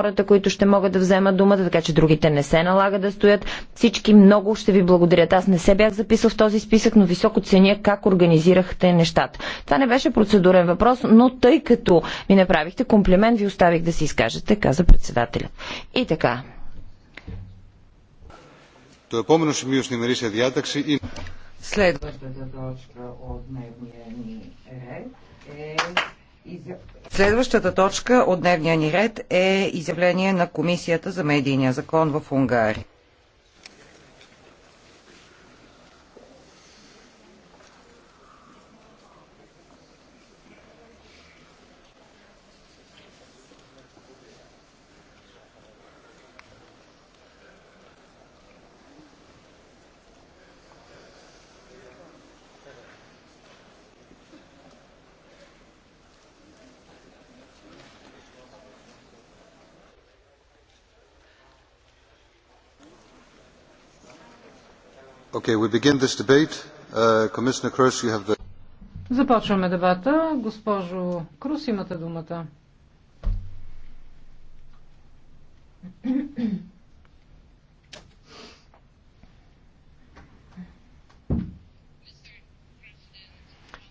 хората, които ще могат да вземат думата, така че другите не се налага да стоят. Всички много ще ви благодарят. Аз не се бях записал в този списък, но високо ценя как организирахте нещата. Това не беше процедурен въпрос, но тъй като ми направихте комплимент, ви оставих да си изкажете, каза председателят. И така. е помено, ще ми и... Следващата точка от дневния ни ред е Следващата точка от дневния ни ред е изявление на Комисията за медийния закон в Унгария. Uh, Започваме дебата. Госпожо Крус, имате думата.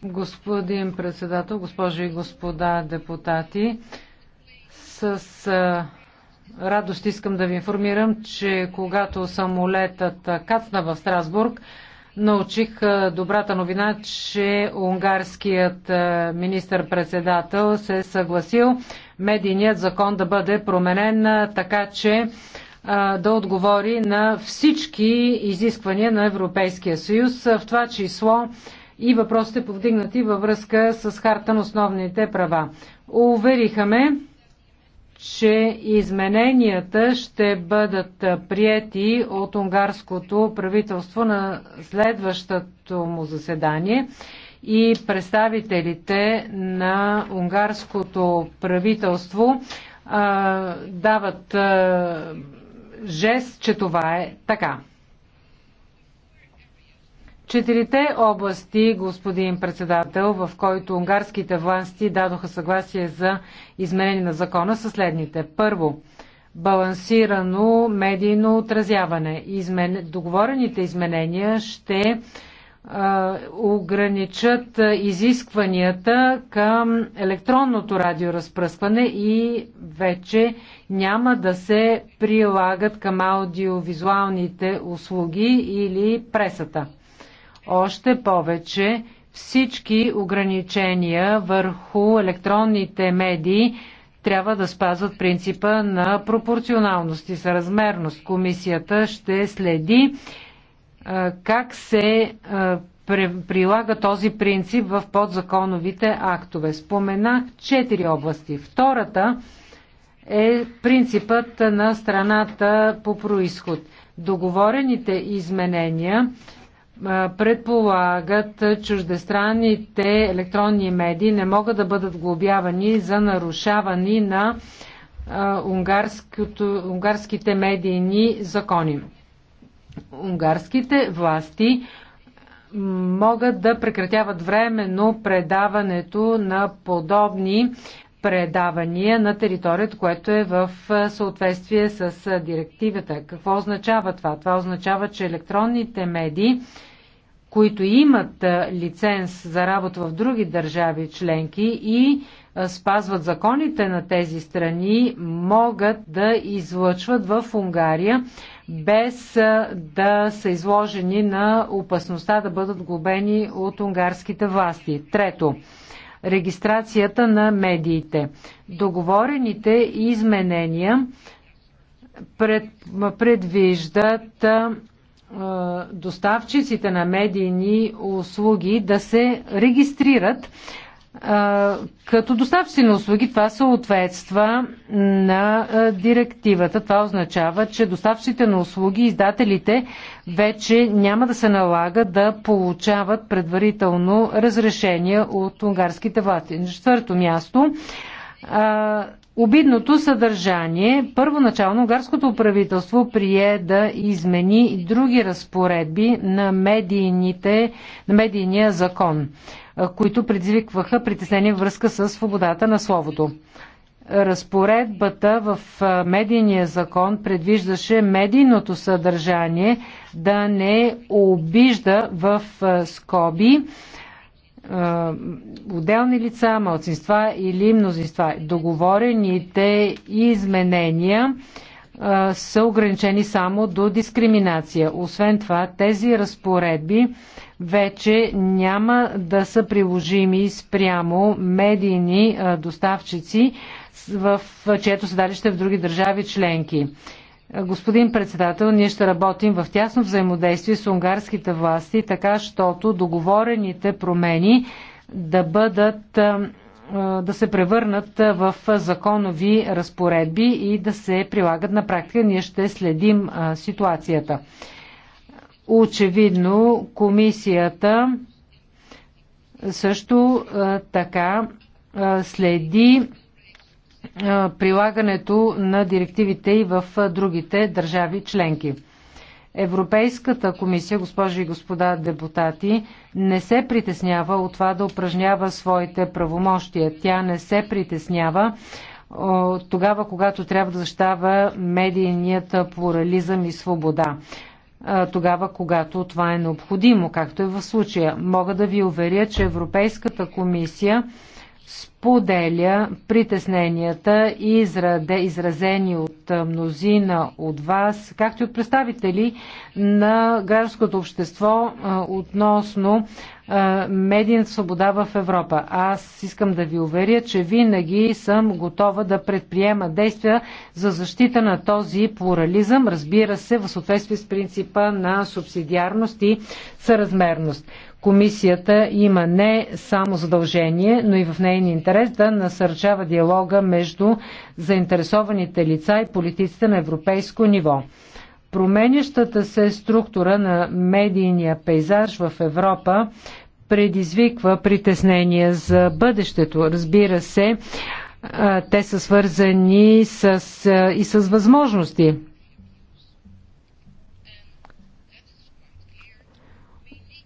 Господин председател, госпожи и господа депутати, с радост искам да ви информирам, че когато самолетът кацна в Страсбург, научих добрата новина, че унгарският министр-председател се е съгласил медийният закон да бъде променен така, че да отговори на всички изисквания на Европейския съюз, в това число и въпросите повдигнати във връзка с харта на основните права. Увериха ме, че измененията ще бъдат прияти от унгарското правителство на следващото му заседание и представителите на унгарското правителство а, дават а, жест, че това е така. Четирите области, господин председател, в който унгарските власти дадоха съгласие за изменение на закона са следните. Първо, балансирано медийно отразяване. Измен... Договорените изменения ще а, ограничат изискванията към електронното радиоразпръскване и вече няма да се прилагат към аудиовизуалните услуги или пресата. Още повече всички ограничения върху електронните медии трябва да спазват принципа на пропорционалност и съразмерност. Комисията ще следи е, как се е, прилага този принцип в подзаконовите актове. Споменах четири области. Втората е принципът на страната по происход. Договорените изменения предполагат чуждестранните електронни медии не могат да бъдат глобявани за нарушавани на унгарските медийни закони. Унгарските власти могат да прекратяват временно предаването на подобни предавания на територията, което е в съответствие с директивата. Какво означава това? Това означава, че електронните медии които имат лиценз за работа в други държави членки и спазват законите на тези страни, могат да излъчват в Унгария без да са изложени на опасността да бъдат глобени от унгарските власти. Трето, регистрацията на медиите. Договорените изменения предвиждат доставчиците на медийни услуги да се регистрират като доставчици на услуги. Това съответства на директивата. Това означава, че доставчиците на услуги, издателите вече няма да се налага да получават предварително разрешение от унгарските власти. На четвърто място обидното съдържание, първоначално гарското правителство прие да измени и други разпоредби на, медийните, на медийния закон, които предизвикваха притеснение връзка с свободата на словото. Разпоредбата в медийния закон предвиждаше медийното съдържание да не обижда в скоби отделни лица, малцинства или мнозинства. Договорените изменения са ограничени само до дискриминация. Освен това, тези разпоредби вече няма да са приложими спрямо медийни доставчици, в чието седалище в други държави членки. Господин председател, ние ще работим в тясно взаимодействие с унгарските власти, така щото договорените промени да бъдат да се превърнат в законови разпоредби и да се прилагат на практика. Ние ще следим ситуацията. Очевидно, комисията също така следи прилагането на директивите и в другите държави членки. Европейската комисия, госпожи и господа депутати, не се притеснява от това да упражнява своите правомощия. Тя не се притеснява тогава, когато трябва да защитава медийният плурализъм и свобода. Тогава, когато това е необходимо, както е в случая. Мога да ви уверя, че Европейската комисия споделя притесненията, и изразени от мнозина от вас, както и от представители на гражданското общество относно медийната свобода в Европа. Аз искам да ви уверя, че винаги съм готова да предприема действия за защита на този плурализъм, разбира се, в съответствие с принципа на субсидиарност и съразмерност. Комисията има не само задължение, но и в нейния интерес да насърчава диалога между заинтересованите лица и политиците на европейско ниво. Променящата се структура на медийния пейзаж в Европа предизвиква притеснения за бъдещето. Разбира се, те са свързани с, и с възможности.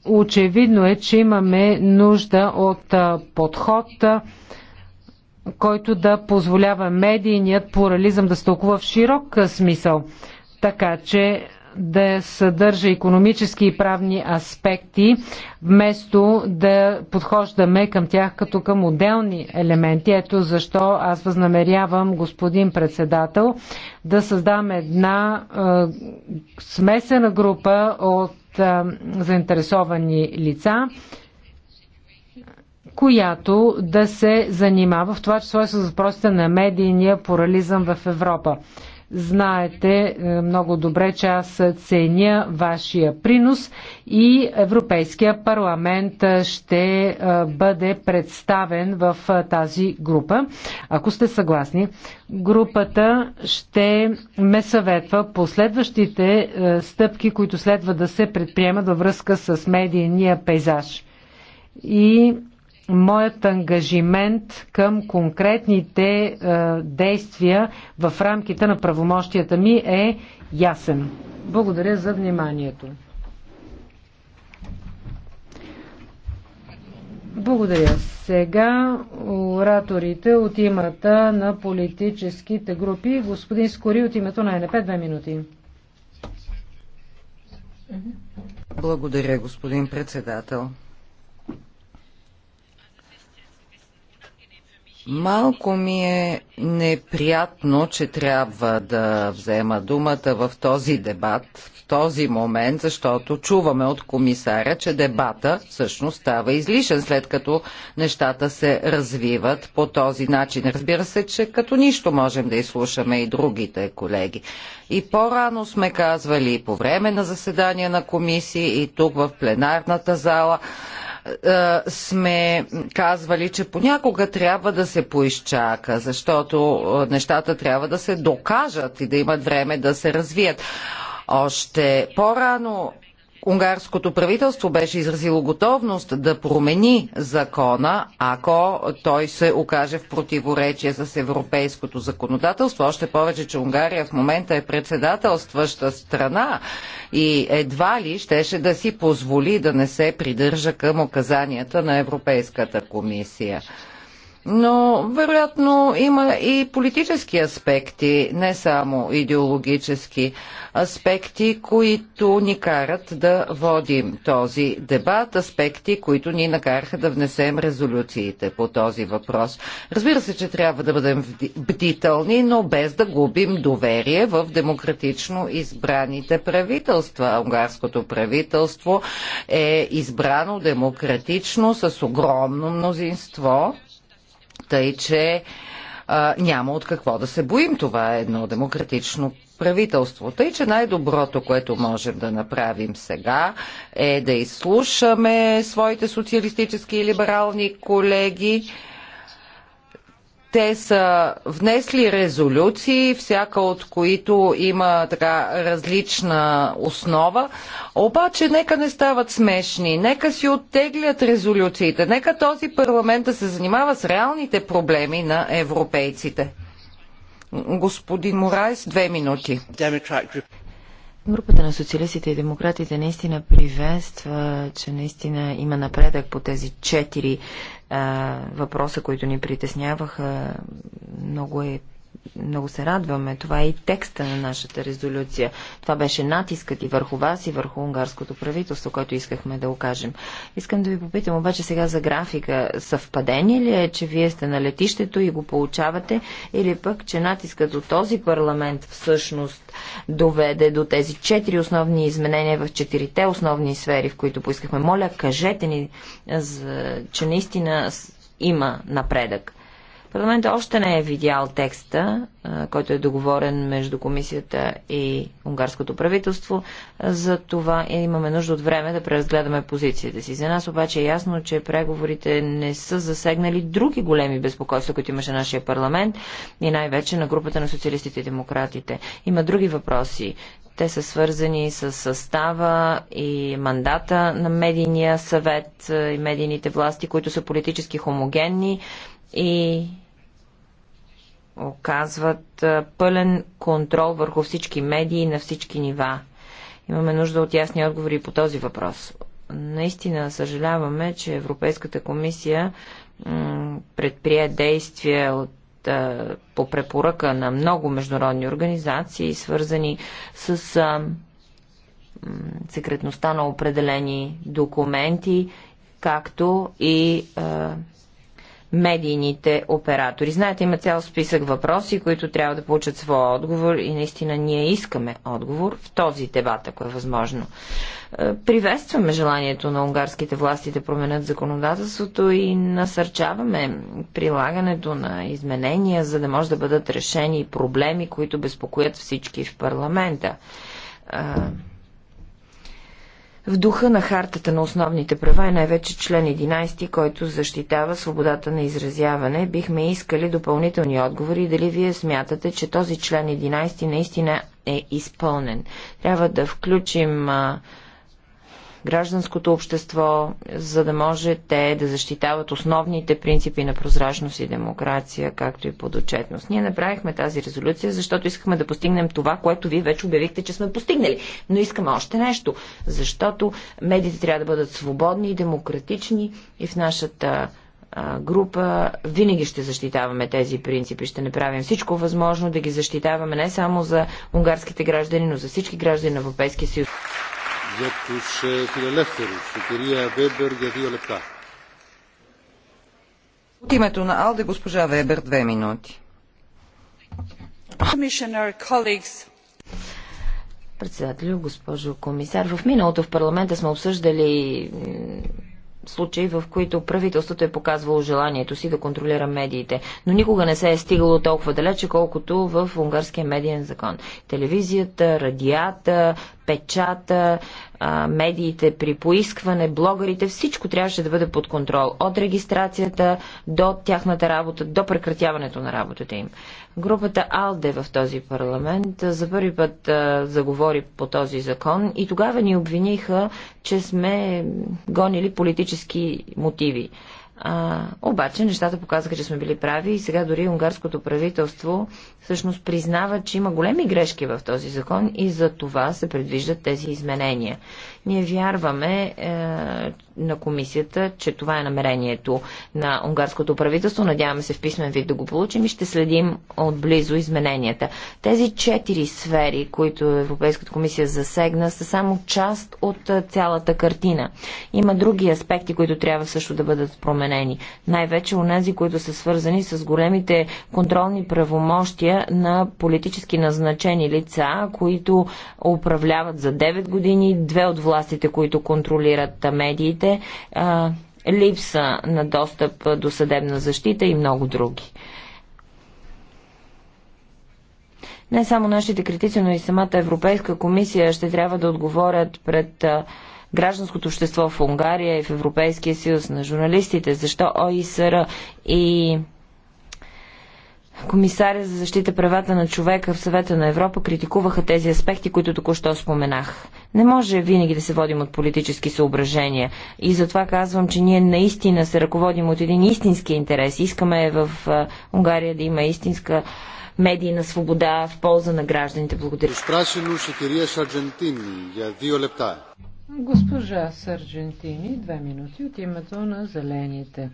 Очевидно е, че имаме нужда от подход, който да позволява медийният плурализъм да стълкува в широк смисъл, така че да съдържа економически и правни аспекти, вместо да подхождаме към тях като към отделни елементи. Ето защо аз възнамерявам, господин председател, да създам една е, смесена група от е, заинтересовани лица, която да се занимава в това число с въпросите на медийния плурализъм в Европа. Знаете е, много добре, че аз ценя вашия принос и Европейския парламент е, ще е, бъде представен в тази група. Ако сте съгласни, групата ще ме съветва последващите стъпки, които следва да се предприемат във връзка с медийния пейзаж. И моят ангажимент към конкретните е, действия в рамките на правомощията ми е ясен. Благодаря за вниманието. Благодаря. Сега ораторите от имата на политическите групи. Господин Скори от името на НП. Две минути. Благодаря, господин председател. Малко ми е неприятно, че трябва да взема думата в този дебат, в този момент, защото чуваме от комисаря, че дебата всъщност става излишен, след като нещата се развиват по този начин. Разбира се, че като нищо можем да изслушаме и другите колеги. И по-рано сме казвали и по време на заседания на комисии, и тук в пленарната зала, е, сме казвали, че понякога трябва да се поизчака, защото е, нещата трябва да се докажат и да имат време да се развият. Още по-рано Унгарското правителство беше изразило готовност да промени закона, ако той се окаже в противоречие с европейското законодателство. Още повече, че Унгария в момента е председателстваща страна и едва ли щеше да си позволи да не се придържа към указанията на Европейската комисия. Но вероятно има и политически аспекти, не само идеологически аспекти, които ни карат да водим този дебат, аспекти, които ни накараха да внесем резолюциите по този въпрос. Разбира се, че трябва да бъдем бдителни, но без да губим доверие в демократично избраните правителства. Унгарското правителство е избрано демократично с огромно мнозинство тъй, че а, няма от какво да се боим. Това е едно демократично правителство. Тъй, че най-доброто, което можем да направим сега е да изслушаме своите социалистически и либерални колеги те са внесли резолюции, всяка от които има така различна основа, обаче нека не стават смешни, нека си оттеглят резолюциите, нека този парламент да се занимава с реалните проблеми на европейците. Господин Морайс, две минути. Групата на социалистите и демократите наистина приветства, че наистина има напредък по тези четири въпроса, които ни притесняваха, много е много се радваме. Това е и текста на нашата резолюция. Това беше натискът и върху вас, и върху унгарското правителство, което искахме да окажем. Искам да ви попитам обаче сега за графика. Съвпадение ли е, че вие сте на летището и го получавате, или пък, че натискът от този парламент всъщност доведе до тези четири основни изменения в четирите основни сфери, в които поискахме? Моля, кажете ни, че наистина има напредък. Парламентът още не е видял текста, който е договорен между комисията и унгарското правителство. За това имаме нужда от време да преразгледаме позицията си. За нас обаче е ясно, че преговорите не са засегнали други големи безпокойства, които имаше нашия парламент и най-вече на групата на социалистите и демократите. Има други въпроси. Те са свързани с състава и мандата на медийния съвет и медийните власти, които са политически хомогенни и оказват пълен контрол върху всички медии на всички нива. Имаме нужда от ясни отговори по този въпрос. Наистина съжаляваме, че Европейската комисия предприе действия от по препоръка на много международни организации, свързани с секретността на определени документи, както и а, медийните оператори. Знаете, има цял списък въпроси, които трябва да получат своя отговор и наистина ние искаме отговор в този дебат, ако е възможно. Е, приветстваме желанието на унгарските власти да променят законодателството и насърчаваме прилагането на изменения, за да може да бъдат решени проблеми, които безпокоят всички в парламента е, в духа на хартата на основните права и най-вече член 11, който защитава свободата на изразяване, бихме искали допълнителни отговори дали вие смятате, че този член 11 наистина е изпълнен. Трябва да включим а, гражданското общество, за да може те да защитават основните принципи на прозрачност и демокрация, както и подотчетност. Ние направихме тази резолюция, защото искахме да постигнем това, което вие вече обявихте, че сме постигнали. Но искаме още нещо, защото медиите трябва да бъдат свободни и демократични и в нашата група, винаги ще защитаваме тези принципи, ще направим всичко възможно да ги защитаваме не само за унгарските граждани, но за всички граждани на Европейския съюз για τους φιλελεύθερους. Η κυρία Βέμπερ για δύο λεπτά. От името на Алде госпожа Вебер две минути. Председателю, госпожо комисар, в миналото в парламента сме обсъждали е, случаи, в които правителството е показвало желанието си да контролира медиите, но никога не се е стигало толкова далече, колкото в унгарския медиен закон. Телевизията, радията, печата, медиите при поискване, блогърите, всичко трябваше да бъде под контрол. От регистрацията до тяхната работа, до прекратяването на работата им. Групата АЛДЕ в този парламент за първи път заговори по този закон и тогава ни обвиниха, че сме гонили политически мотиви. А, обаче нещата показаха, че сме били прави и сега дори унгарското правителство всъщност признава, че има големи грешки в този закон и за това се предвиждат тези изменения. Ние вярваме, е, на комисията, че това е намерението на унгарското правителство. Надяваме се в писмен вид да го получим и ще следим отблизо измененията. Тези четири сфери, които Европейската комисия засегна, са само част от цялата картина. Има други аспекти, които трябва също да бъдат променени. Най-вече у нези, които са свързани с големите контролни правомощия на политически назначени лица, които управляват за 9 години две от властите, които контролират медиите медиите, липса на достъп до съдебна защита и много други. Не само нашите критици, но и самата Европейска комисия ще трябва да отговорят пред гражданското общество в Унгария и в Европейския съюз на журналистите, защо ОИСР и комисаря за защита правата на човека в съвета на Европа критикуваха тези аспекти, които току-що споменах. Не може винаги да се водим от политически съображения и затова казвам, че ние наистина се ръководим от един истински интерес. Искаме в Унгария да има истинска медийна свобода в полза на гражданите. Благодаря. Госпожа Сарджентини, две минути от името на Зелените.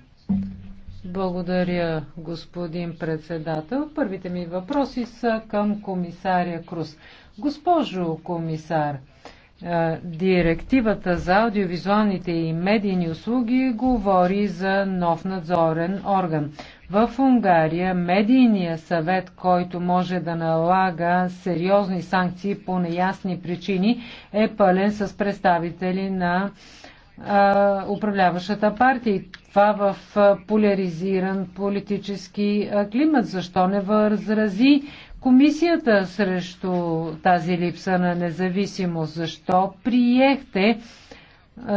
Благодаря, господин председател. Първите ми въпроси са към комисаря Крус. Госпожо комисар, директивата за аудиовизуалните и медийни услуги говори за нов надзорен орган. В Унгария медийният съвет, който може да налага сериозни санкции по неясни причини, е пълен с представители на управляващата партия. И това в поляризиран политически климат. Защо не възрази комисията срещу тази липса на независимост? Защо приехте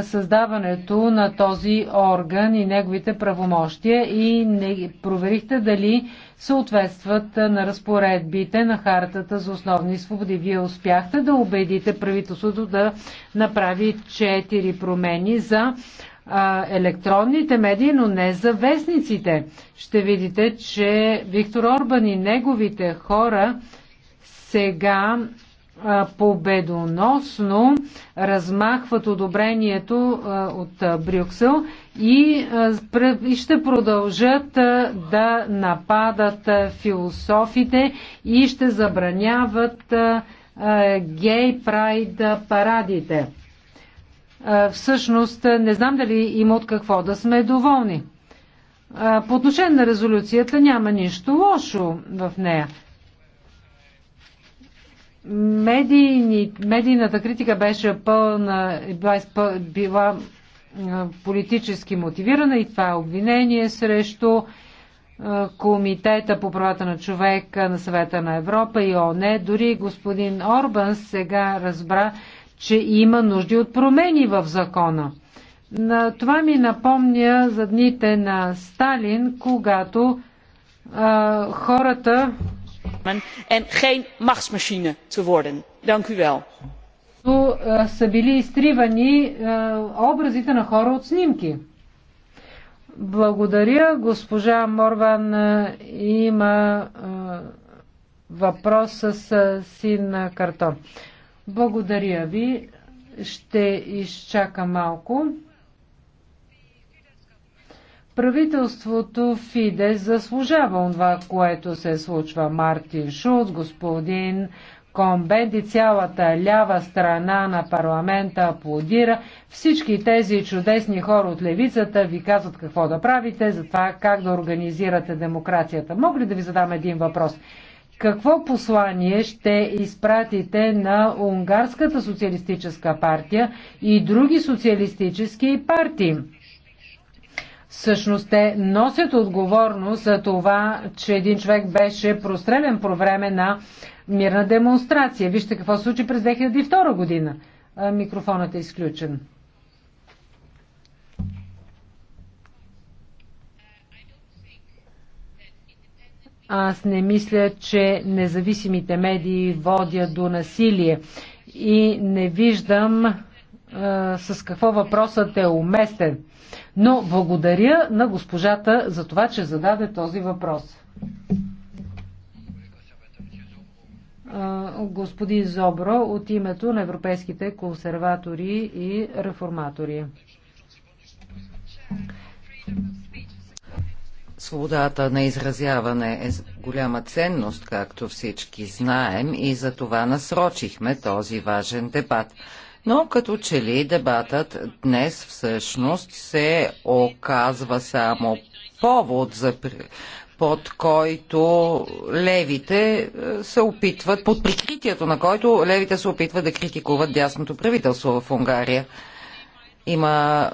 създаването на този орган и неговите правомощия и не проверихте дали съответстват на разпоредбите на Хартата за основни свободи. Вие успяхте да убедите правителството да направи четири промени за електронните медии, но не за вестниците. Ще видите, че Виктор Орбан и неговите хора сега победоносно размахват одобрението от Брюксел и ще продължат да нападат философите и ще забраняват гей прайд парадите. Всъщност, не знам дали има от какво да сме доволни. По отношение на резолюцията няма нищо лошо в нея медийни, медийната критика беше пълна, била, била политически мотивирана и това е обвинение срещу Комитета по правата на човека на съвета на Европа и ОНЕ. Дори господин Орбан сега разбра, че има нужди от промени в закона. На това ми напомня за дните на Сталин, когато а, хората en geen machtsmachine te worden. Dank u wel. Са били изтривани образите на хора от снимки. Благодаря. Госпожа Морван е, има е, въпрос с е, син на картон. Благодаря ви. Ще изчака малко. Правителството Фиде заслужава това, което се случва. Мартин Шулц, господин Комбен и цялата лява страна на парламента аплодира. Всички тези чудесни хора от левицата ви казват какво да правите, за това как да организирате демокрацията. Мога ли да ви задам един въпрос? Какво послание ще изпратите на Унгарската социалистическа партия и други социалистически партии? Всъщност те носят отговорност за това, че един човек беше прострелен по време на мирна демонстрация. Вижте какво се случи през 2002 година. Микрофонът е изключен. Аз не мисля, че независимите медии водят до насилие и не виждам а, с какво въпросът е уместен. Но благодаря на госпожата за това, че зададе този въпрос. Господин Зобро от името на европейските консерватори и реформатори. Свободата на изразяване е голяма ценност, както всички знаем, и за това насрочихме този важен дебат но като че ли дебатът днес всъщност се оказва само повод за под който левите е, се опитват, под прикритието на който левите се опитват да критикуват дясното правителство в Унгария. Има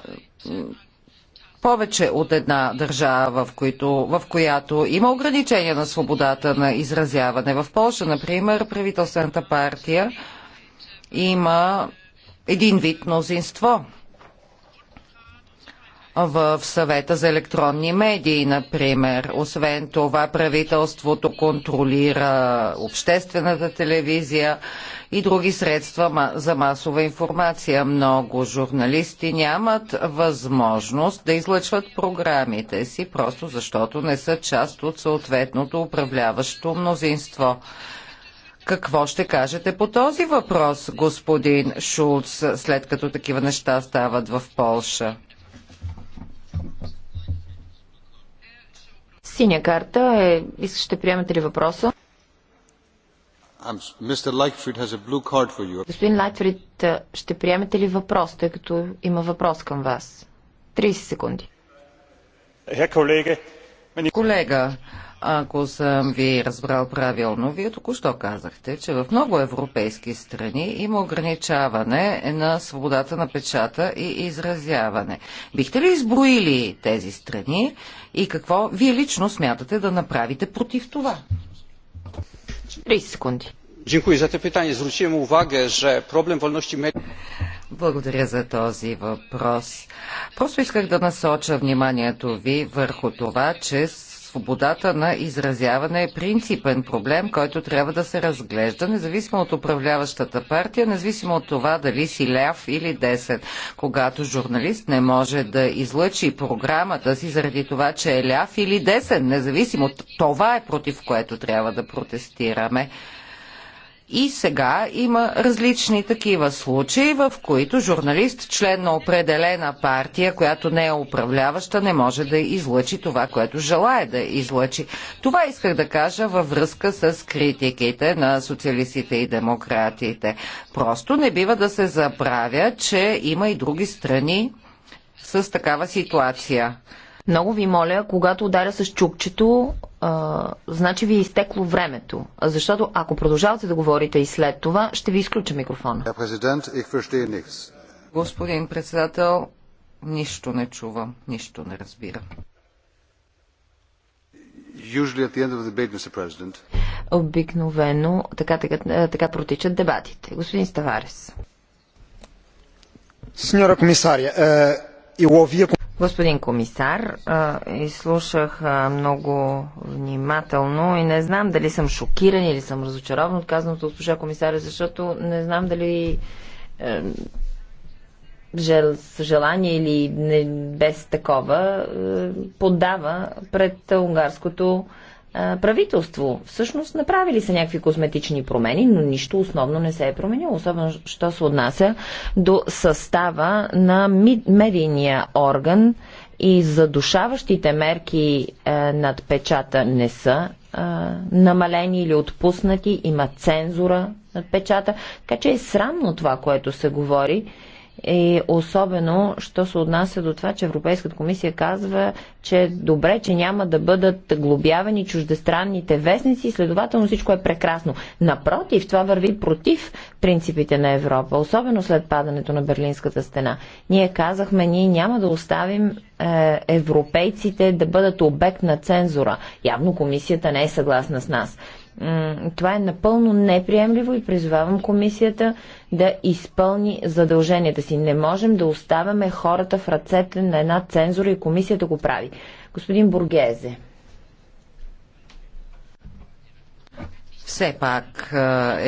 повече от една държава, в, които, в която има ограничения на свободата на изразяване. В Польша, например, правителствената партия има един вид мнозинство в съвета за електронни медии, например. Освен това, правителството контролира обществената телевизия и други средства за масова информация. Много журналисти нямат възможност да излъчват програмите си, просто защото не са част от съответното управляващо мнозинство. Какво ще кажете по този въпрос, господин Шулц, след като такива неща стават в Полша? Синя карта е... Ще приемете ли въпроса? Господин Лайтфрид, ще приемете ли въпрос, тъй като има въпрос към вас? 30 секунди. Колега, ако съм ви разбрал правилно, вие току-що казахте, че в много европейски страни има ограничаване на свободата на печата и изразяване. Бихте ли изброили тези страни и какво вие лично смятате да направите против това? 30 секунди. Dziękuję za to pytanie. Zwróciłem uwagę, że problem wolności mediów. Благодаря за този въпрос. Просто исках да насоча вниманието ви върху това, че свободата на изразяване е принципен проблем, който трябва да се разглежда, независимо от управляващата партия, независимо от това дали си ляв или десен. Когато журналист не може да излъчи програмата си заради това, че е ляв или десен, независимо от това е против което трябва да протестираме. И сега има различни такива случаи, в които журналист, член на определена партия, която не е управляваща, не може да излъчи това, което желая да излъчи. Това исках да кажа във връзка с критиките на социалистите и демократите. Просто не бива да се забравя, че има и други страни с такава ситуация. Много ви моля, когато ударя с чукчето, а, значи ви е изтекло времето. Защото ако продължавате да говорите и след това, ще ви изключа микрофона. Господин председател, нищо не чувам, нищо не разбирам. Обикновено така, така, така протичат дебатите. Господин Ставарес. Сеньора комисария, е, и ловия... Господин комисар, изслушах много внимателно и не знам дали съм шокиран или съм разочарован от казаното госпожа комисаря, защото не знам дали е, жел, с желание или не, без такова, е, подава пред унгарското правителство. Всъщност направили са някакви косметични промени, но нищо основно не се е променило, особено що се отнася до състава на медийния орган и задушаващите мерки е, над печата не са е, намалени или отпуснати, има цензура над печата, така че е срамно това, което се говори и особено, що се отнася до това, че Европейската комисия казва, че е добре, че няма да бъдат глобявани чуждестранните вестници, следователно всичко е прекрасно. Напротив, това върви против принципите на Европа, особено след падането на Берлинската стена. Ние казахме, ние няма да оставим е, европейците да бъдат обект на цензура. Явно комисията не е съгласна с нас. Това е напълно неприемливо и призовавам комисията да изпълни задълженията си. Не можем да оставяме хората в ръцете на една цензура и комисията го прави. Господин Бургезе. Все пак е,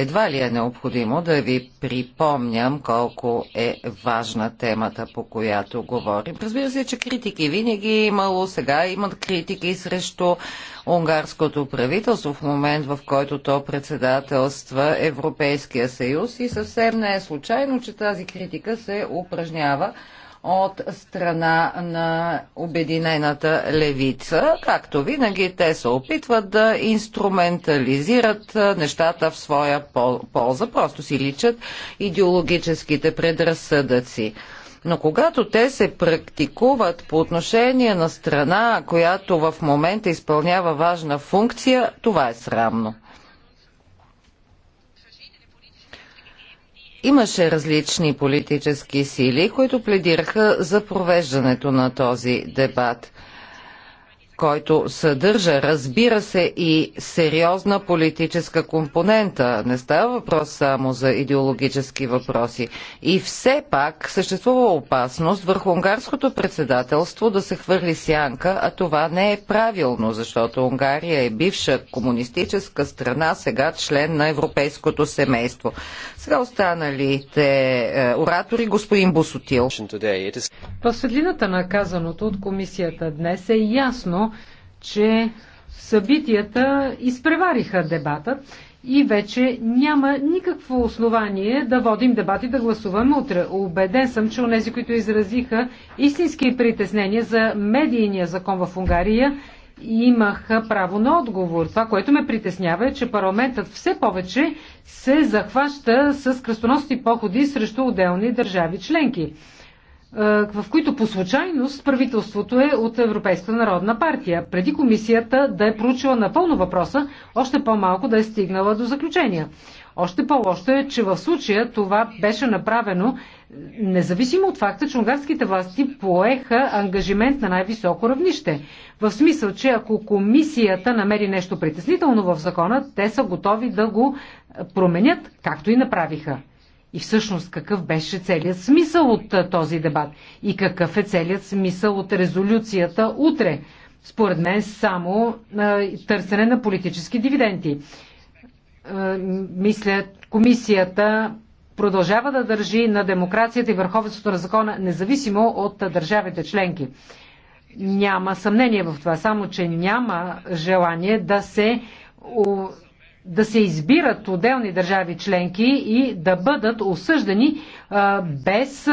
едва ли е необходимо да ви припомням колко е важна темата, по която говорим. Разбира се, че критики винаги е имало, сега имат критики срещу унгарското правителство в момент, в който то председателства Европейския съюз и съвсем не е случайно, че тази критика се упражнява от страна на Обединената левица. Както винаги, те се опитват да инструментализират нещата в своя полза, просто си личат идеологическите предразсъдъци. Но когато те се практикуват по отношение на страна, която в момента изпълнява важна функция, това е срамно. Имаше различни политически сили, които пледираха за провеждането на този дебат – който съдържа, разбира се, и сериозна политическа компонента. Не става въпрос само за идеологически въпроси. И все пак съществува опасност върху унгарското председателство да се хвърли сянка, а това не е правилно, защото Унгария е бивша комунистическа страна, сега член на европейското семейство. Сега останалите е, оратори, господин Босотил. в светлината на казаното от комисията днес е ясно, че събитията изпревариха дебата и вече няма никакво основание да водим дебати да гласуваме утре. Обеден съм, че онези, които изразиха истински притеснения за медийния закон в Унгария, имаха право на отговор. Това, което ме притеснява е, че парламентът все повече се захваща с кръстоносни походи срещу отделни държави членки. Е, в които по случайност правителството е от Европейска народна партия, преди комисията да е проучила напълно въпроса, още по-малко да е стигнала до заключения. Още по-лошо е, че в случая това беше направено е, независимо от факта, че унгарските власти поеха ангажимент на най-високо равнище. В смисъл, че ако комисията намери нещо притеснително в закона, те са готови да го променят, както и направиха. И всъщност какъв беше целият смисъл от този дебат? И какъв е целият смисъл от резолюцията утре? Според мен само търсене на политически дивиденти. мисля, комисията продължава да държи на демокрацията и върховенството на закона, независимо от държавите членки. Няма съмнение в това, само че няма желание да се да се избират отделни държави членки и да бъдат осъждани без,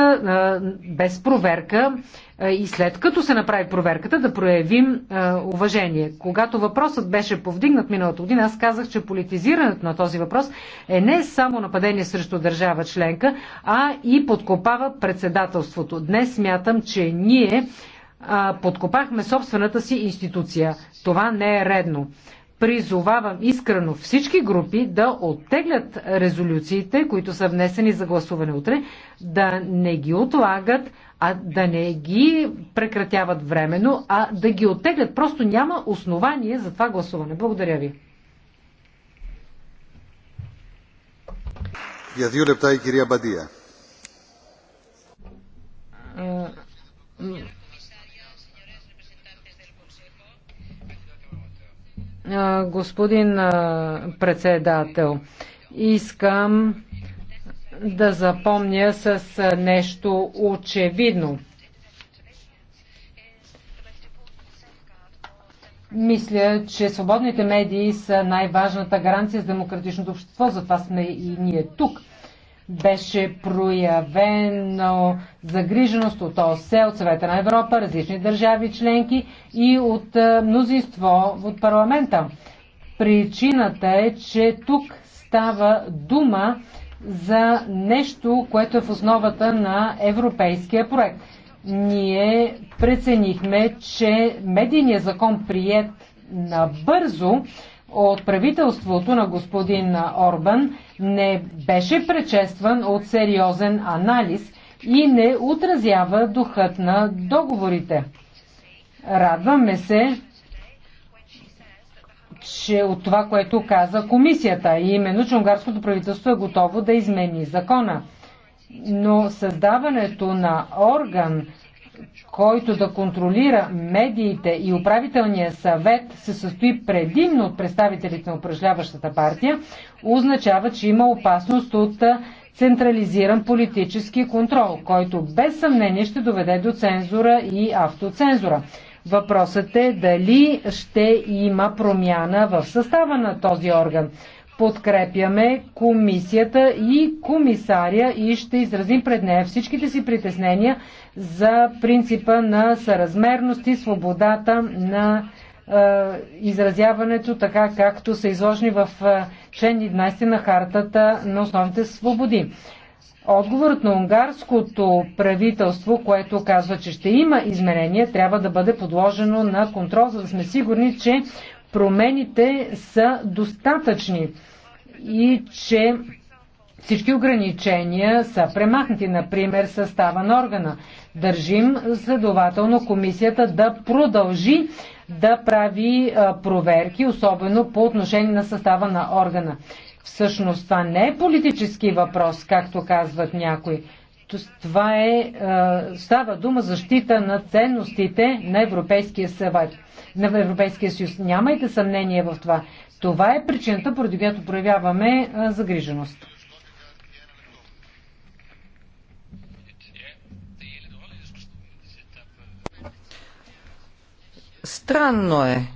без проверка и след като се направи проверката да проявим уважение. Когато въпросът беше повдигнат миналата година, аз казах, че политизирането на този въпрос е не само нападение срещу държава членка, а и подкопава председателството. Днес смятам, че ние подкопахме собствената си институция. Това не е редно призовавам искрено всички групи да оттеглят резолюциите, които са внесени за гласуване утре, да не ги отлагат, а да не ги прекратяват временно, а да ги оттеглят. Просто няма основание за това гласуване. Благодаря ви. Για δύο λεπτά η κυρία Μπαντία. господин председател. Искам да запомня с нещо очевидно. Мисля, че свободните медии са най-важната гаранция за демократичното общество, затова сме и ние тук беше проявено загриженост от ОСЕ, от Съвета на Европа, различни държави членки и от е, мнозинство от парламента. Причината е, че тук става дума за нещо, което е в основата на европейския проект. Ние преценихме, че медийният закон прият набързо от правителството на господин Орбан не беше пречестван от сериозен анализ и не отразява духът на договорите. Радваме се, че от това, което каза комисията, и именно, че унгарското правителство е готово да измени закона. Но създаването на орган, който да контролира медиите и управителния съвет се състои предимно от представителите на упражняващата партия, означава, че има опасност от централизиран политически контрол, който без съмнение ще доведе до цензура и автоцензура. Въпросът е дали ще има промяна в състава на този орган подкрепяме комисията и комисаря и ще изразим пред нея всичките си притеснения за принципа на съразмерност и свободата на е, изразяването, така както са изложени в е, член 11 на хартата на основните свободи. Отговорът на унгарското правителство, което казва, че ще има изменения, трябва да бъде подложено на контрол, за да сме сигурни, че промените са достатъчни и че всички ограничения са премахнати, например състава на органа. Държим следователно комисията да продължи да прави проверки, особено по отношение на състава на органа. Всъщност това не е политически въпрос, както казват някои. Това е, става дума защита на ценностите на Европейския съвет. На Европейския съюз. Нямайте съмнение в това. Това е причината, поради която проявяваме загриженост. Странно е,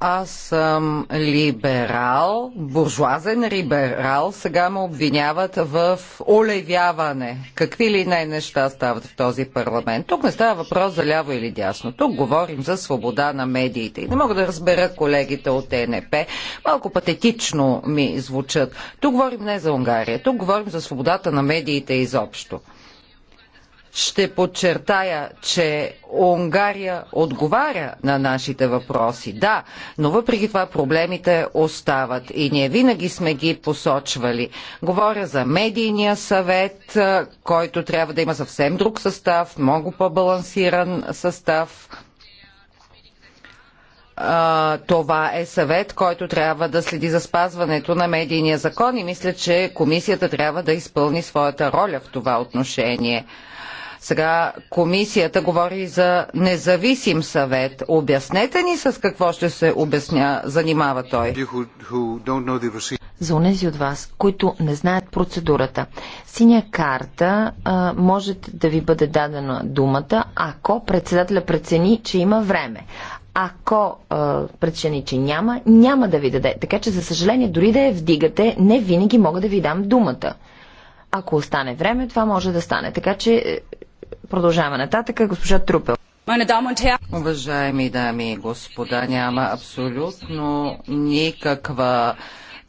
аз съм либерал, буржуазен либерал, сега ме обвиняват в олевяване. Какви ли не неща стават в този парламент? Тук не става въпрос за ляво или дясно. Тук говорим за свобода на медиите. И не мога да разбера колегите от ЕНП. Малко патетично ми звучат. Тук говорим не за Унгария. Тук говорим за свободата на медиите изобщо. Ще подчертая, че Унгария отговаря на нашите въпроси, да, но въпреки това проблемите остават и ние винаги сме ги посочвали. Говоря за медийния съвет, който трябва да има съвсем друг състав, много по-балансиран състав, това е съвет, който трябва да следи за спазването на медийния закон и мисля, че комисията трябва да изпълни своята роля в това отношение. Сега комисията говори за независим съвет. Обяснете ни с какво ще се обясня, занимава той. За унези от вас, които не знаят процедурата, синя карта а, може да ви бъде дадена думата, ако председателя прецени, че има време. Ако а, прецени, че няма, няма да ви даде. Така че, за съжаление, дори да я вдигате, не винаги мога да ви дам думата ако остане време, това може да стане. Така че Продължаваме нататък. Госпожа Трупел. Уважаеми дами и господа, няма абсолютно никаква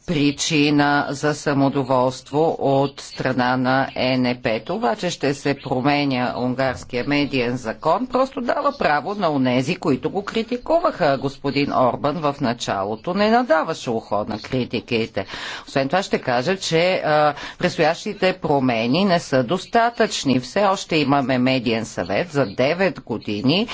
причина за самодоволство от страна на ЕНП. Това, че ще се променя унгарския медиен закон, просто дава право на онези, които го критикуваха. Господин Орбан в началото не надаваше уход на критиките. Освен това ще кажа, че а, предстоящите промени не са достатъчни. Все още имаме медиен съвет за 9 години,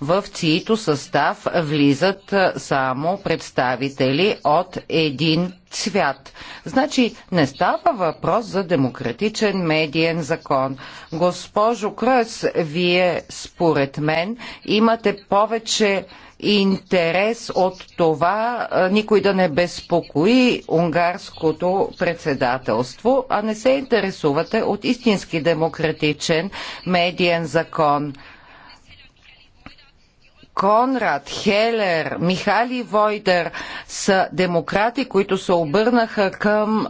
в чието състав влизат само представители от един цвят. Значи не става въпрос за демократичен медиен закон. Госпожо Кръс, вие според мен имате повече интерес от това никой да не безпокои унгарското председателство, а не се интересувате от истински демократичен медиен закон. Конрад, Хелер, Михали Войдер са демократи, които се обърнаха към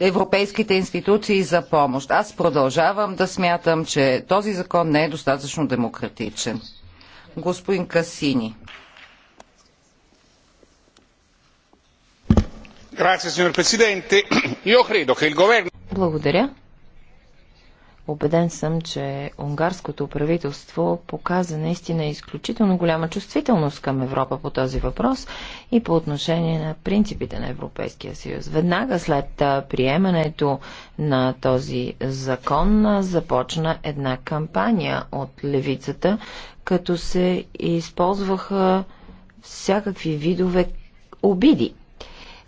европейските институции за помощ. Аз продължавам да смятам, че този закон не е достатъчно демократичен. Господин Касини. Благодаря. Обеден съм, че унгарското правителство показа наистина изключително голяма чувствителност към Европа по този въпрос и по отношение на принципите на Европейския съюз. Веднага след приемането на този закон започна една кампания от левицата, като се използваха всякакви видове обиди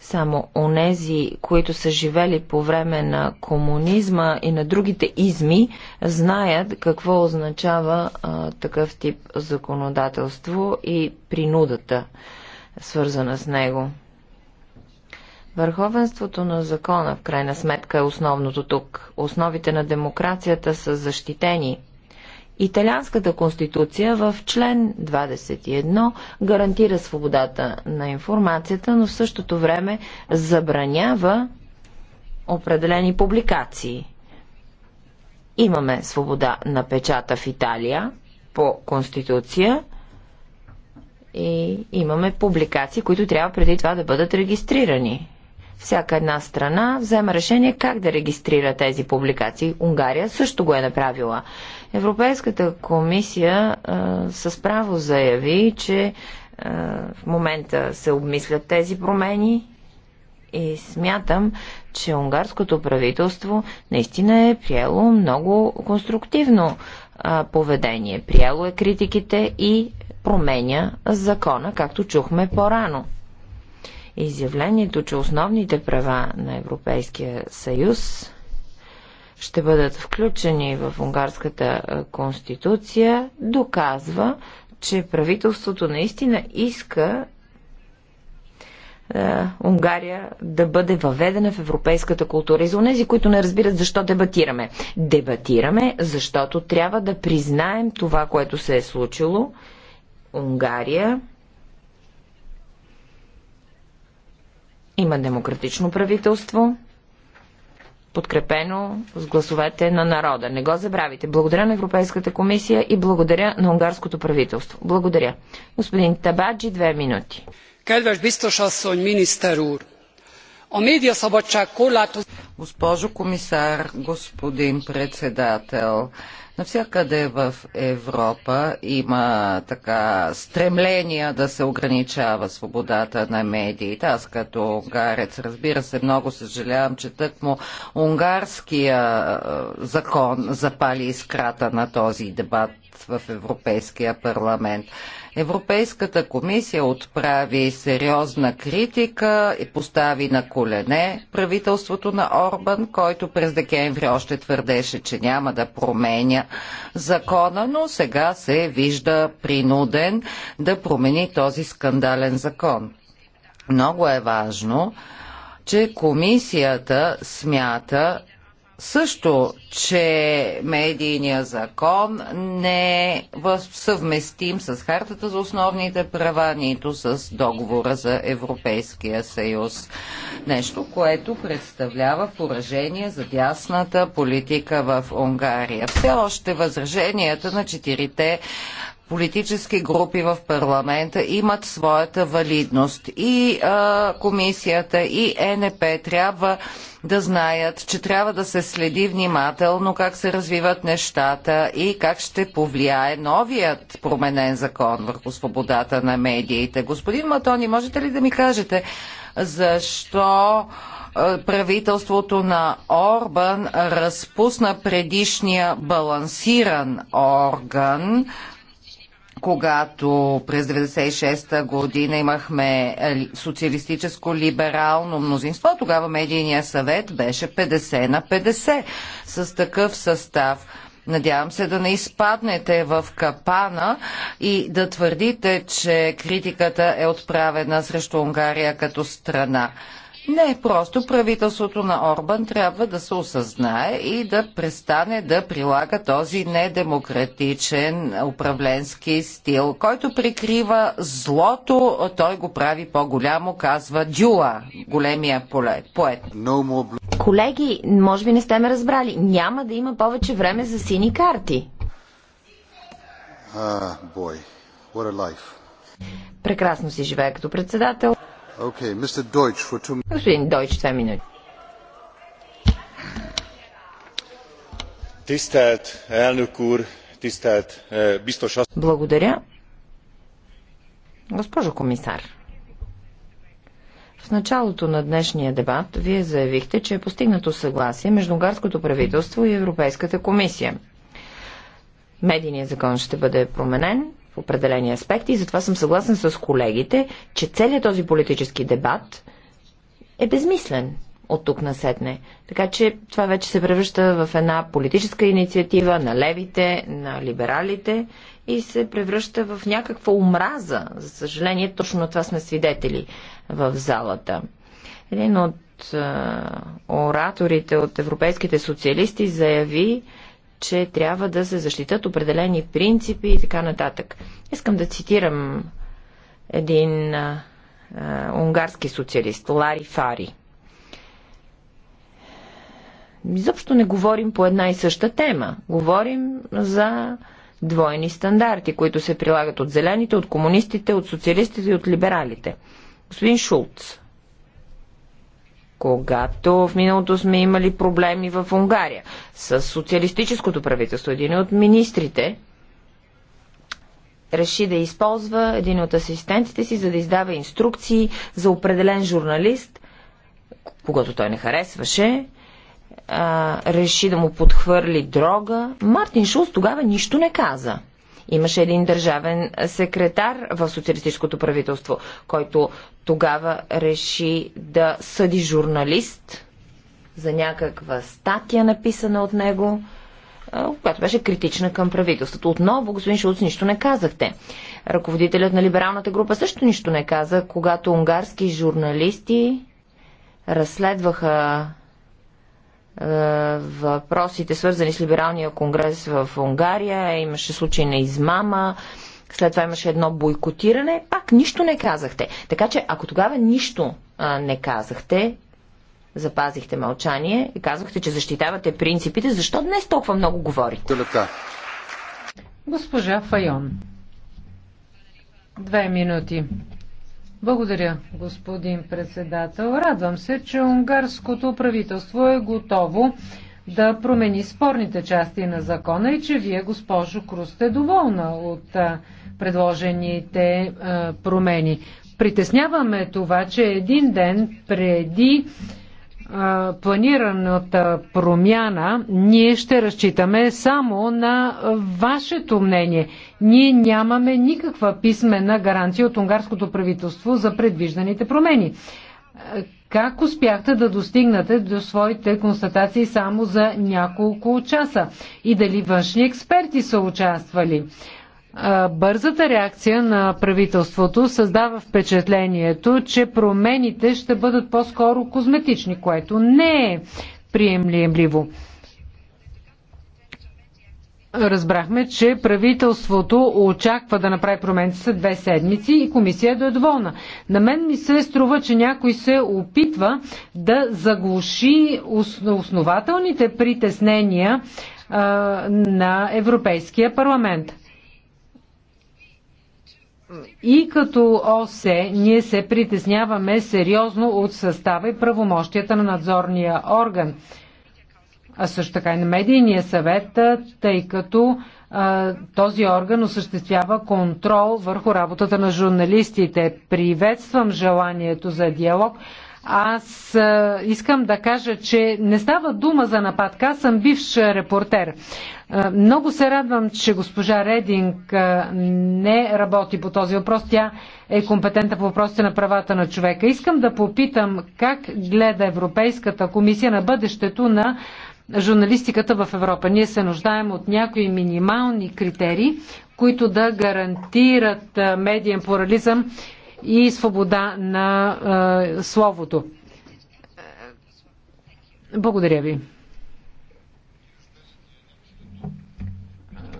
само онези, които са живели по време на комунизма и на другите изми, знаят какво означава а, такъв тип законодателство и принудата, свързана с него. Върховенството на закона, в крайна сметка, е основното тук. Основите на демокрацията са защитени – Италианската конституция в член 21 гарантира свободата на информацията, но в същото време забранява определени публикации. Имаме свобода на печата в Италия по конституция и имаме публикации, които трябва преди това да бъдат регистрирани всяка една страна взема решение как да регистрира тези публикации. Унгария също го е направила. Европейската комисия а, с право заяви, че а, в момента се обмислят тези промени и смятам, че унгарското правителство наистина е приело много конструктивно а, поведение. Приело е критиките и променя закона, както чухме по-рано изявлението, че основните права на Европейския съюз ще бъдат включени в унгарската конституция, доказва, че правителството наистина иска е, Унгария да бъде въведена в европейската култура. И за тези, които не разбират защо дебатираме. Дебатираме, защото трябва да признаем това, което се е случило. Унгария Има демократично правителство, подкрепено с гласовете на народа. Не го забравите. Благодаря на Европейската комисия и благодаря на унгарското правителство. Благодаря. Господин Табаджи, две минути. Госпожо комисар, господин председател, Навсякъде в Европа има така стремление да се ограничава свободата на медиите. Аз като унгарец, разбира се, много съжалявам, че тъкмо унгарския е, закон запали искрата на този дебат в Европейския парламент. Европейската комисия отправи сериозна критика и постави на колене правителството на Орбан, който през декември още твърдеше, че няма да променя закона, но сега се вижда принуден да промени този скандален закон. Много е важно, че комисията смята, също, че медийния закон не е съвместим с Хартата за основните права, нито с договора за Европейския съюз. Нещо, което представлява поражение за дясната политика в Унгария. Все още възраженията на четирите политически групи в парламента имат своята валидност. И а, комисията, и е НП трябва да знаят, че трябва да се следи внимателно как се развиват нещата и как ще повлияе новият променен закон върху свободата на медиите. Господин Матони, можете ли да ми кажете защо правителството на Орбан разпусна предишния балансиран орган, когато през 96-та година имахме социалистическо либерално мнозинство, тогава медийния съвет беше 50 на 50 с такъв състав. Надявам се да не изпаднете в капана и да твърдите, че критиката е отправена срещу Унгария като страна. Не, е просто правителството на Орбан трябва да се осъзнае и да престане да прилага този недемократичен управленски стил, който прикрива злото, той го прави по-голямо, казва Дюла, големия поет. Колеги, може би не сте ме разбрали. Няма да има повече време за сини карти. Ah, boy. What a life. Прекрасно си живее като председател. Okay, two... Господин Дойч, две минути. Eh, Благодаря. Госпожо комисар, в началото на днешния дебат вие заявихте, че е постигнато съгласие между унгарското правителство и Европейската комисия. Медийният закон ще бъде променен в определени аспекти и затова съм съгласен с колегите, че целият този политически дебат е безмислен от тук насетне. Така че това вече се превръща в една политическа инициатива на левите, на либералите и се превръща в някаква омраза. За съжаление, точно на това сме свидетели в залата. Един от ораторите от европейските социалисти заяви, че трябва да се защитат определени принципи и така нататък. Искам да цитирам един а, а, унгарски социалист, Лари Фари. Изобщо не говорим по една и съща тема. Говорим за двойни стандарти, които се прилагат от зелените, от комунистите, от социалистите и от либералите. Господин Шулц, когато в миналото сме имали проблеми в Унгария с социалистическото правителство. Един от министрите реши да използва един от асистентите си, за да издава инструкции за определен журналист, когато той не харесваше, а, реши да му подхвърли дрога. Мартин Шулц тогава нищо не каза. Имаше един държавен секретар в социалистическото правителство, който тогава реши да съди журналист за някаква статия, написана от него, която беше критична към правителството. Отново, господин Шулц, нищо не казахте. Ръководителят на либералната група също нищо не каза, когато унгарски журналисти разследваха е, въпросите, свързани с либералния конгрес в Унгария. Имаше случай на измама. След това имаше едно бойкотиране. Пак нищо не казахте. Така че, ако тогава нищо а, не казахте запазихте мълчание и казвахте, че защитавате принципите. Защо днес толкова много говорите? Госпожа Файон. Две минути. Благодаря, господин председател. Радвам се, че унгарското правителство е готово да промени спорните части на закона и че вие, госпожо Крус, сте доволна от предложените промени. Притесняваме това, че един ден преди планираната промяна, ние ще разчитаме само на вашето мнение. Ние нямаме никаква писмена гаранция от унгарското правителство за предвижданите промени. Как успяхте да достигнете до своите констатации само за няколко часа? И дали външни експерти са участвали? Бързата реакция на правителството създава впечатлението, че промените ще бъдат по-скоро козметични, което не е приемливо. Разбрахме, че правителството очаква да направи промените след две седмици и комисия да е доволна. На мен ми се струва, че някой се опитва да заглуши основателните притеснения на Европейския парламент и като ОСЕ ние се притесняваме сериозно от състава и правомощията на надзорния орган, а също така и на медийния съвет, тъй като този орган осъществява контрол върху работата на журналистите. Приветствам желанието за диалог. Аз искам да кажа, че не става дума за нападка. Аз съм бивш репортер. Много се радвам, че госпожа Рединг не работи по този въпрос. Тя е компетентна по въпросите на правата на човека. Искам да попитам как гледа Европейската комисия на бъдещето на журналистиката в Европа. Ние се нуждаем от някои минимални критерии, които да гарантират медиен плурализъм и свобода на е, словото. Благодаря ви.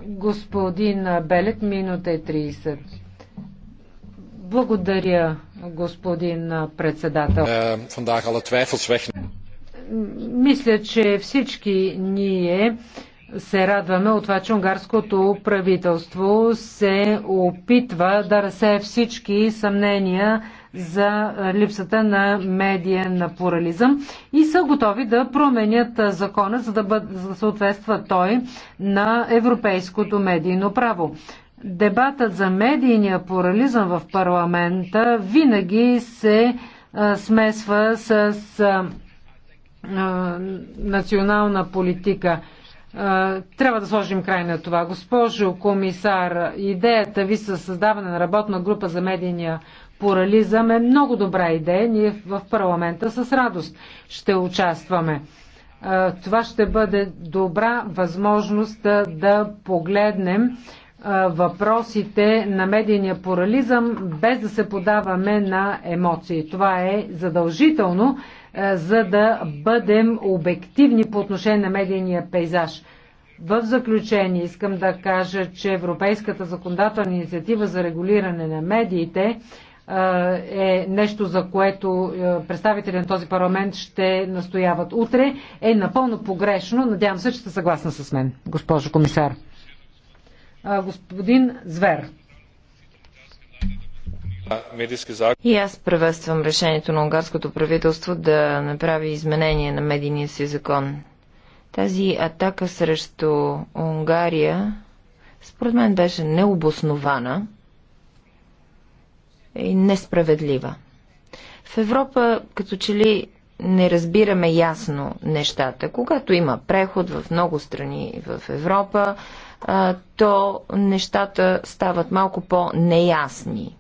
Господин Белет, минута е 30. Благодаря, господин председател. Uh, мисля, че всички ние се радваме от това, че унгарското правителство се опитва да разсее всички съмнения за липсата на медия на плурализъм и са готови да променят закона, за да, бъд, за да съответства той на европейското медийно право. Дебатът за медийния плурализъм в парламента винаги се смесва с национална политика. Трябва да сложим край на това. Госпожо комисар, идеята ви със създаване на работна група за медийния плурализъм е много добра идея. Ние в парламента с радост ще участваме. Това ще бъде добра възможност да погледнем въпросите на медийния плурализъм без да се подаваме на емоции. Това е задължително е, за да бъдем обективни по отношение на медийния пейзаж. В заключение искам да кажа, че Европейската законодателна инициатива за регулиране на медиите е, е нещо, за което е, представители на този парламент ще настояват утре, е напълно погрешно. Надявам се, че сте съгласна с мен, госпожо комисар. Господин Звер. И аз приветствам решението на унгарското правителство да направи изменение на медийния си закон. Тази атака срещу Унгария, според мен, беше необоснована и несправедлива. В Европа, като че ли не разбираме ясно нещата. Когато има преход в много страни в Европа, то нещата стават малко по-неясни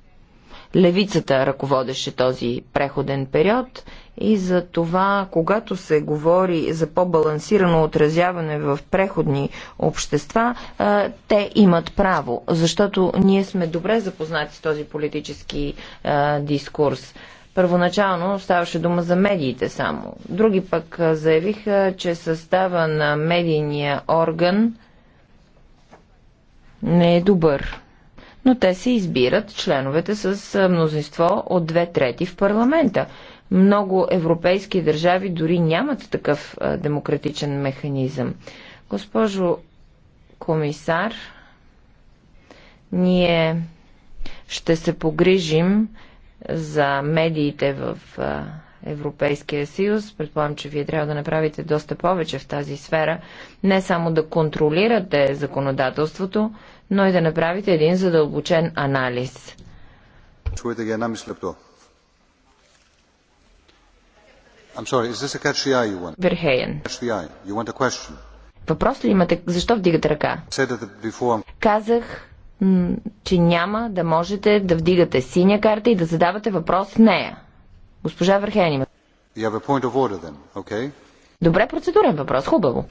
левицата ръководеше този преходен период и за това, когато се говори за по-балансирано отразяване в преходни общества, те имат право, защото ние сме добре запознати с този политически дискурс. Първоначално ставаше дума за медиите само. Други пък заявиха, че състава на медийния орган не е добър но те се избират членовете с мнозинство от две трети в парламента. Много европейски държави дори нямат такъв демократичен механизъм. Госпожо комисар, ние ще се погрижим за медиите в Европейския съюз. Предполагам, че вие трябва да направите доста повече в тази сфера. Не само да контролирате законодателството, но и да направите един задълбочен анализ. Верхейен. Въпрос ли имате? Защо вдигате ръка? Казах, че няма да можете да вдигате синя карта и да задавате въпрос с нея. Госпожа Верхейен има. Order, okay. Добре, процедурен въпрос. Хубаво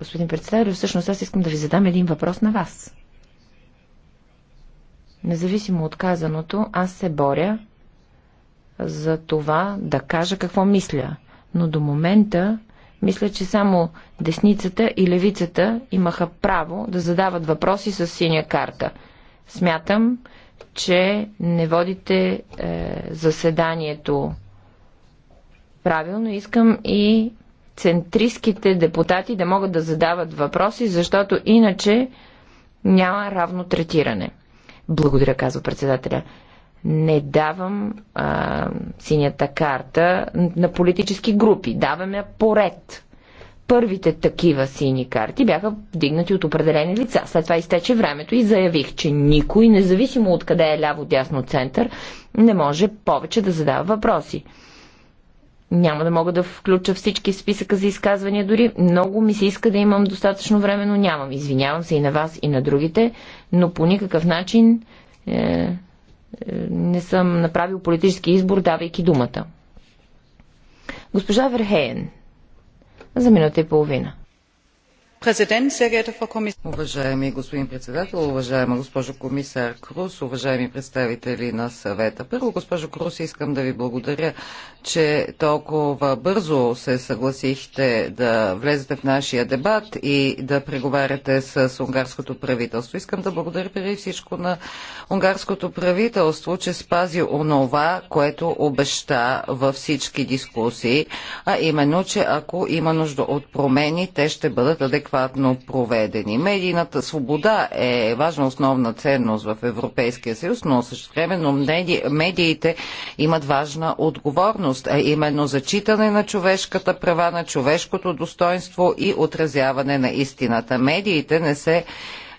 господин председател, всъщност аз искам да ви задам един въпрос на вас. Независимо от казаното, аз се боря за това да кажа какво мисля. Но до момента мисля, че само десницата и левицата имаха право да задават въпроси с синя карта. Смятам, че не водите е, заседанието правилно. Искам и центристските депутати да могат да задават въпроси, защото иначе няма равно третиране. Благодаря, казва председателя. Не давам а, синята карта на политически групи. Даваме поред. Първите такива сини карти бяха вдигнати от определени лица. След това изтече времето и заявих, че никой, независимо от къде е ляво, дясно, център, не може повече да задава въпроси. Няма да мога да включа всички в списъка за изказвания дори. Много ми се иска да имам достатъчно време, но нямам. Извинявам се и на вас, и на другите, но по никакъв начин е, е, не съм направил политически избор, давайки думата. Госпожа Верхеен, за минута и половина. Уважаеми господин председател, уважаема госпожо комисар Крус, уважаеми представители на съвета. Първо, госпожо Крус, искам да ви благодаря, че толкова бързо се съгласихте да влезете в нашия дебат и да преговаряте с унгарското правителство. Искам да благодаря преди всичко на унгарското правителство, че спази онова, което обеща във всички дискусии, а именно, че ако има нужда от промени, те ще бъдат адекватни адекватно проведени. Медийната свобода е важна основна ценност в Европейския съюз, но времено медиите имат важна отговорност, а именно зачитане на човешката права, на човешкото достоинство и отразяване на истината. Медиите не се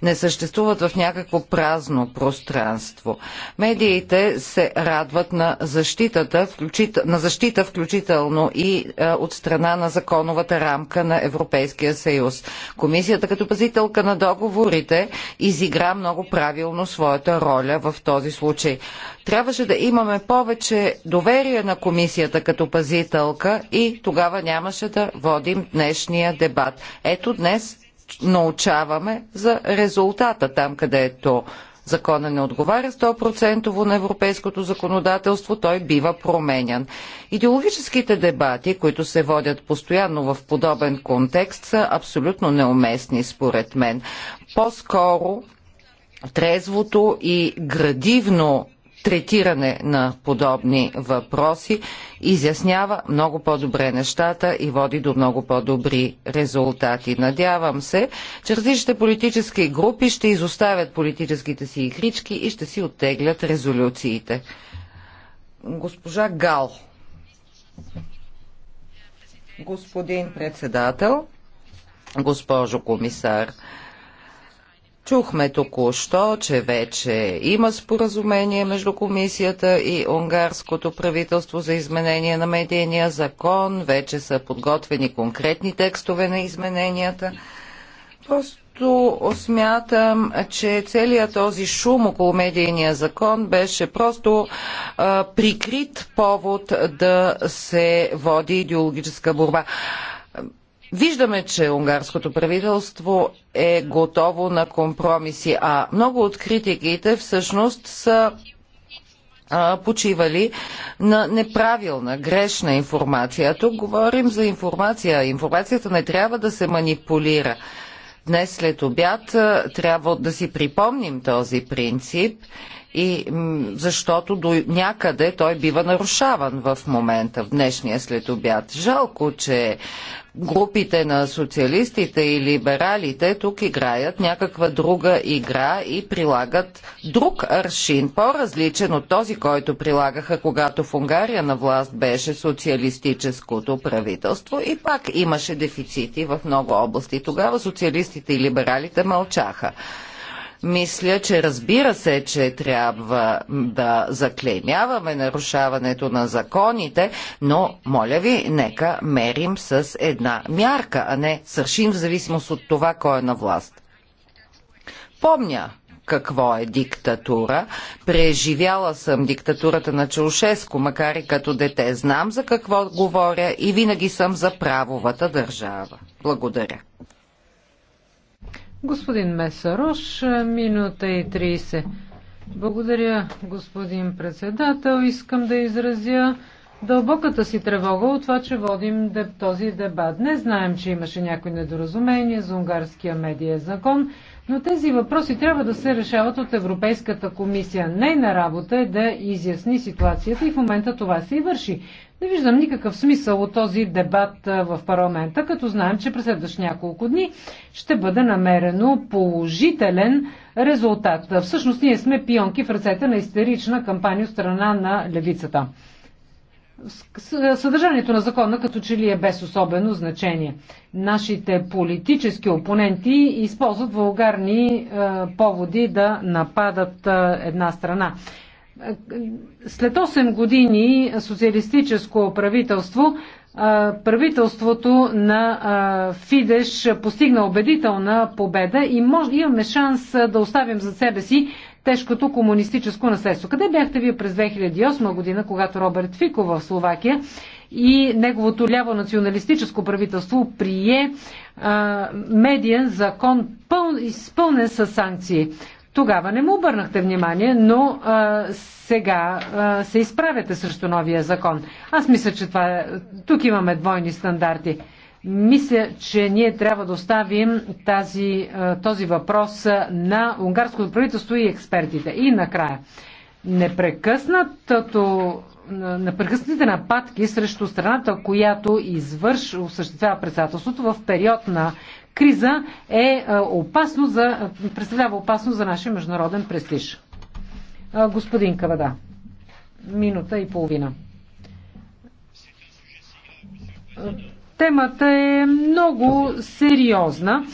не съществуват в някакво празно пространство. Медиите се радват на, защитата, на защита, включително и е, от страна на законовата рамка на Европейския съюз. Комисията като пазителка на договорите изигра много правилно своята роля в този случай. Трябваше да имаме повече доверие на комисията като пазителка и тогава нямаше да водим днешния дебат. Ето днес научаваме за резултата там, където закона не отговаря 100% на европейското законодателство, той бива променян. Идеологическите дебати, които се водят постоянно в подобен контекст, са абсолютно неуместни, според мен. По-скоро трезвото и градивно третиране на подобни въпроси изяснява много по-добре нещата и води до много по-добри резултати. Надявам се, че различните политически групи ще изоставят политическите си игрички и ще си оттеглят резолюциите. Госпожа Гал. Господин председател, госпожо комисар, Чухме току-що, че вече има споразумение между комисията и унгарското правителство за изменение на медийния закон. Вече са подготвени конкретни текстове на измененията. Просто смятам, че целият този шум около медийния закон беше просто а, прикрит повод да се води идеологическа борба. Виждаме, че унгарското правителство е готово на компромиси, а много от критиките всъщност са почивали на неправилна, грешна информация. Тук говорим за информация. Информацията не трябва да се манипулира. Днес след обяд трябва да си припомним този принцип и защото до някъде той бива нарушаван в момента, в днешния след обяд. Жалко, че групите на социалистите и либералите тук играят някаква друга игра и прилагат друг аршин, по-различен от този, който прилагаха, когато в Унгария на власт беше социалистическото правителство и пак имаше дефицити в много области. Тогава социалистите и либералите мълчаха. Мисля, че разбира се, че трябва да заклеймяваме нарушаването на законите, но, моля ви, нека мерим с една мярка, а не сършим в зависимост от това кой е на власт. Помня какво е диктатура. Преживяла съм диктатурата на Чаушеско, макар и като дете. Знам за какво говоря и винаги съм за правовата държава. Благодаря. Господин Месарош, минута и 30. Благодаря, господин председател. Искам да изразя дълбоката си тревога от това, че водим този дебат. Не знаем, че имаше някои недоразумения за унгарския медиен закон, но тези въпроси трябва да се решават от Европейската комисия. Нейна работа е да изясни ситуацията и в момента това се и върши. Не виждам никакъв смисъл от този дебат в парламента, като знаем, че през следващи няколко дни ще бъде намерено положителен резултат. Всъщност ние сме пионки в ръцете на истерична кампания от страна на левицата. Съдържанието на закона като че ли е без особено значение. Нашите политически опоненти използват вългарни поводи да нападат една страна. След 8 години социалистическо правителство, правителството на Фидеш постигна убедителна победа и може, имаме шанс да оставим за себе си тежкото комунистическо наследство. Къде бяхте вие през 2008 година, когато Роберт Фико в Словакия и неговото ляво националистическо правителство прие медиен закон изпълнен с санкции? Тогава не му обърнахте внимание, но а, сега а, се изправяте срещу новия закон. Аз мисля, че това е... Тук имаме двойни стандарти. Мисля, че ние трябва да оставим тази, този въпрос на унгарското правителство и експертите. И накрая. Непрекъснатото непрекъснатите нападки срещу страната, която извърш, осъществява председателството в период на криза е, е опасно за, представлява опасност за нашия международен престиж. Господин Кавада, минута и половина. Темата е много сериозна.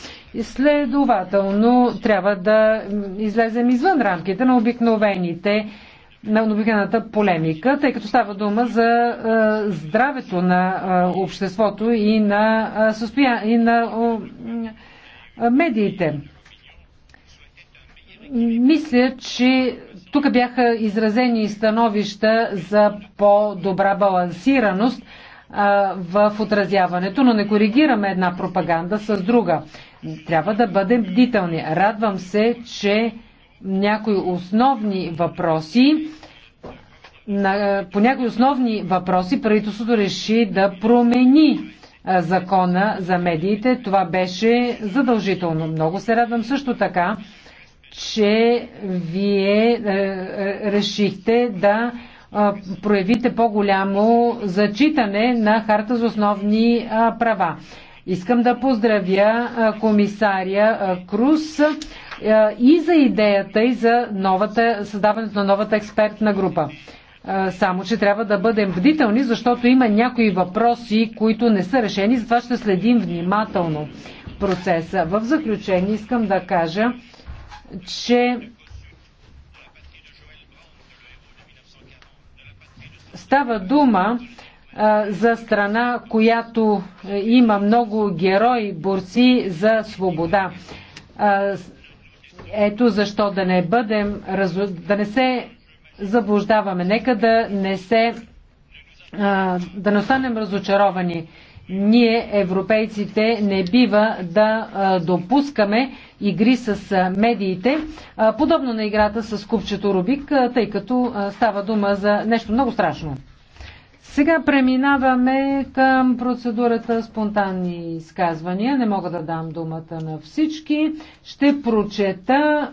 Следователно трябва да излезем извън рамките на обикновените необикената полемика, тъй като става дума за здравето на обществото и на, състоя... и на медиите. Мисля, че тук бяха изразени становища за по-добра балансираност в отразяването, но не коригираме една пропаганда с друга. Трябва да бъдем бдителни. Радвам се, че някои основни въпроси, на, е, по някои основни въпроси правителството реши да промени е, закона за медиите. Това беше задължително. Много се радвам също така, че вие е, решихте да проявите по-голямо зачитане на Харта за основни права. Искам да поздравя комисаря Крус е, и за идеята, и за новата, създаването на новата експертна група. Е, само, че трябва да бъдем бдителни, защото има някои въпроси, които не са решени, затова ще следим внимателно процеса. В заключение искам да кажа, че става дума е, за страна, която има много герои, борци за свобода. Ето защо да не бъдем, да не се заблуждаваме. Нека да не се, да не останем разочаровани. Ние, европейците, не бива да допускаме игри с медиите, подобно на играта с купчето Рубик, тъй като става дума за нещо много страшно. Сега преминаваме към процедурата спонтанни изказвания. Не мога да дам думата на всички. Ще прочета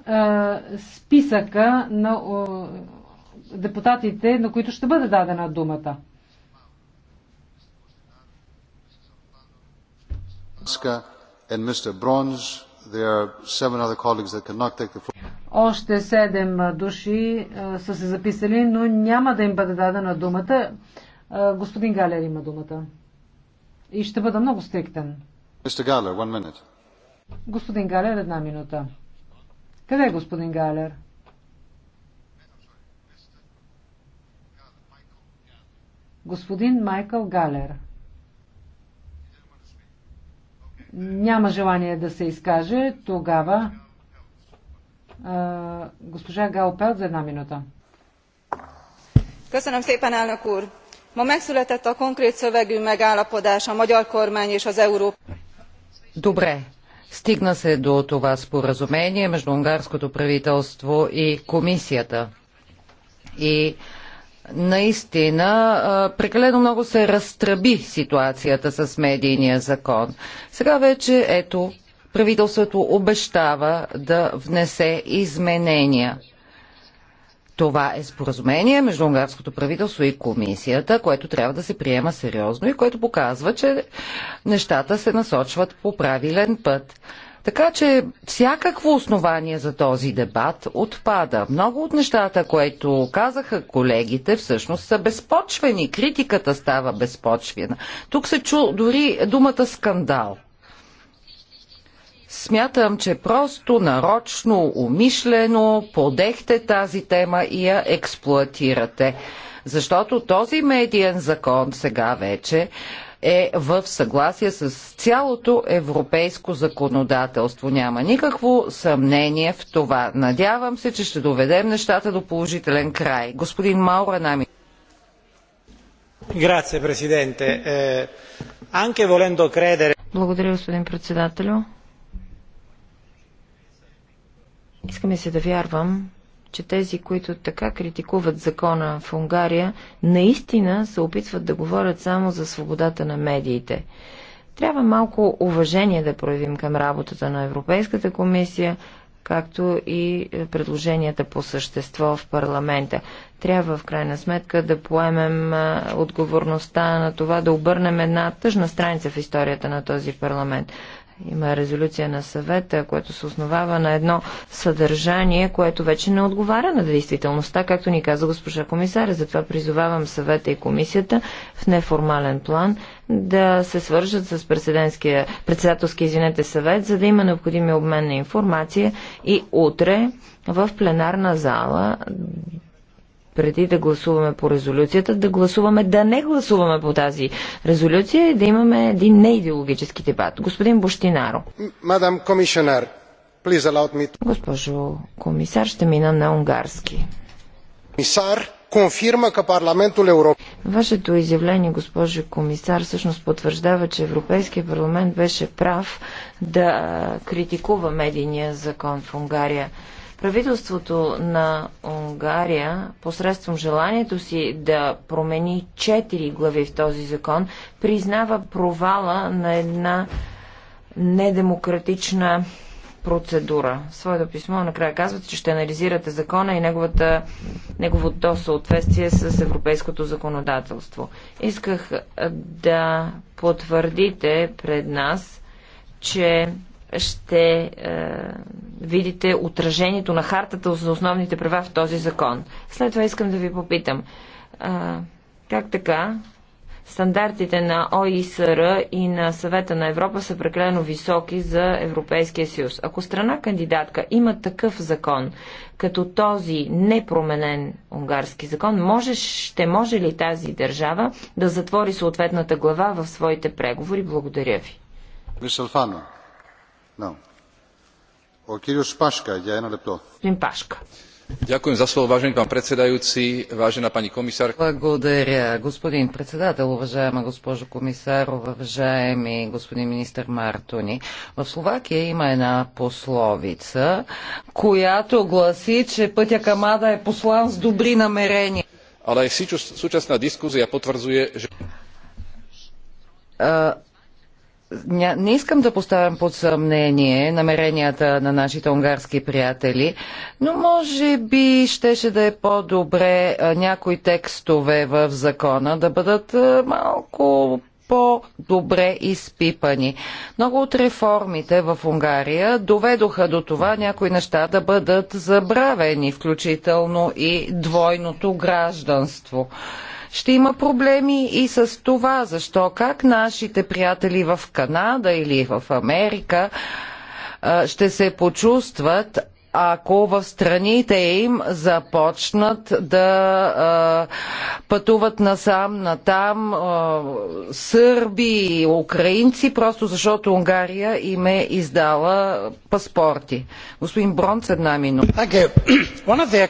е, списъка на е, депутатите, на които ще бъде дадена думата. And Mr. Bronze, there are seven other colleagues that cannot take the floor. Още седем души са се записали, но няма да им бъде дадена думата. Господин Галер има думата. И ще бъда много стриктен. Господин Галер, една минута. Къде е господин Галер? Господин Майкъл Галер. Няма желание да се изкаже. Тогава а, госпожа Галпел за една минута. Köszönöm szépen, elnök кур ma megszületett a konkrét szövegű megállapodás a magyar kormány és az európai Добре. Стигна се до това споразумение между унгарското правителство и комисията. И наистина прекалено много се разтръби ситуацията с медийния закон. Сега вече ето правителството обещава да внесе изменения. Това е споразумение между унгарското правителство и комисията, което трябва да се приема сериозно и което показва, че нещата се насочват по правилен път. Така че всякакво основание за този дебат отпада. Много от нещата, които казаха колегите, всъщност са безпочвени. Критиката става безпочвена. Тук се чу дори думата скандал. Смятам, че просто нарочно, умишлено подехте тази тема и я експлуатирате. Защото този медиен закон сега вече е в съгласие с цялото европейско законодателство. Няма никакво съмнение в това. Надявам се, че ще доведем нещата до положителен край. Господин Маура Нами. Е, Благодаря, господин председателю. Искаме се да вярвам, че тези, които така критикуват закона в Унгария, наистина се опитват да говорят само за свободата на медиите. Трябва малко уважение да проявим към работата на Европейската комисия, както и предложенията по същество в парламента. Трябва в крайна сметка да поемем отговорността на това да обърнем една тъжна страница в историята на този парламент. Има резолюция на съвета, което се основава на едно съдържание, което вече не отговаря на действителността, както ни каза госпожа комисаря. Затова призовавам съвета и комисията в неформален план да се свържат с председателски извинете съвет, за да има необходими обмен на информация и утре в пленарна зала преди да гласуваме по резолюцията, да гласуваме, да не гласуваме по тази резолюция и да имаме един неидеологически дебат. Господин Буштинаро. Мадам комисионер, please allow me... Госпожо комисар, ще мина на унгарски. Комисар, конфирма că Parlamentul European. Вашето изявление, госпожо комисар, всъщност потвърждава, че Европейския парламент беше прав да критикува медийния закон в Унгария. Правителството на Унгария, посредством желанието си да промени четири глави в този закон, признава провала на една недемократична процедура. В своето писмо накрая казвате, че ще анализирате закона и неговата, неговото съответствие с европейското законодателство. Исках да потвърдите пред нас, че ще е, видите отражението на хартата за основните права в този закон. След това искам да ви попитам. Е, как така? Стандартите на ОИСР и на Съвета на Европа са прекалено високи за Европейския съюз. Ако страна кандидатка има такъв закон, като този непроменен унгарски закон, може, ще може ли тази държава да затвори съответната глава в своите преговори? Благодаря ви. Мисълфано. Благодаря, господин председател, уважаема госпожо комисар, уважаеми господин министър Мартони. В Словакия има една пословица, която гласи, че пътят към Ада е постлан с добри намерения. Ale aj súčasná diskúzia potvrdzuje, že... Не искам да поставям под съмнение намеренията на нашите унгарски приятели, но може би щеше да е по-добре някои текстове в закона да бъдат малко по-добре изпипани. Много от реформите в Унгария доведоха до това някои неща да бъдат забравени, включително и двойното гражданство ще има проблеми и с това. Защо? Как нашите приятели в Канада или в Америка ще се почувстват, ако в страните им започнат да а, пътуват насам, натам а, сърби и украинци, просто защото Унгария им е издала паспорти. Господин Бронц, една минута. Благодаря.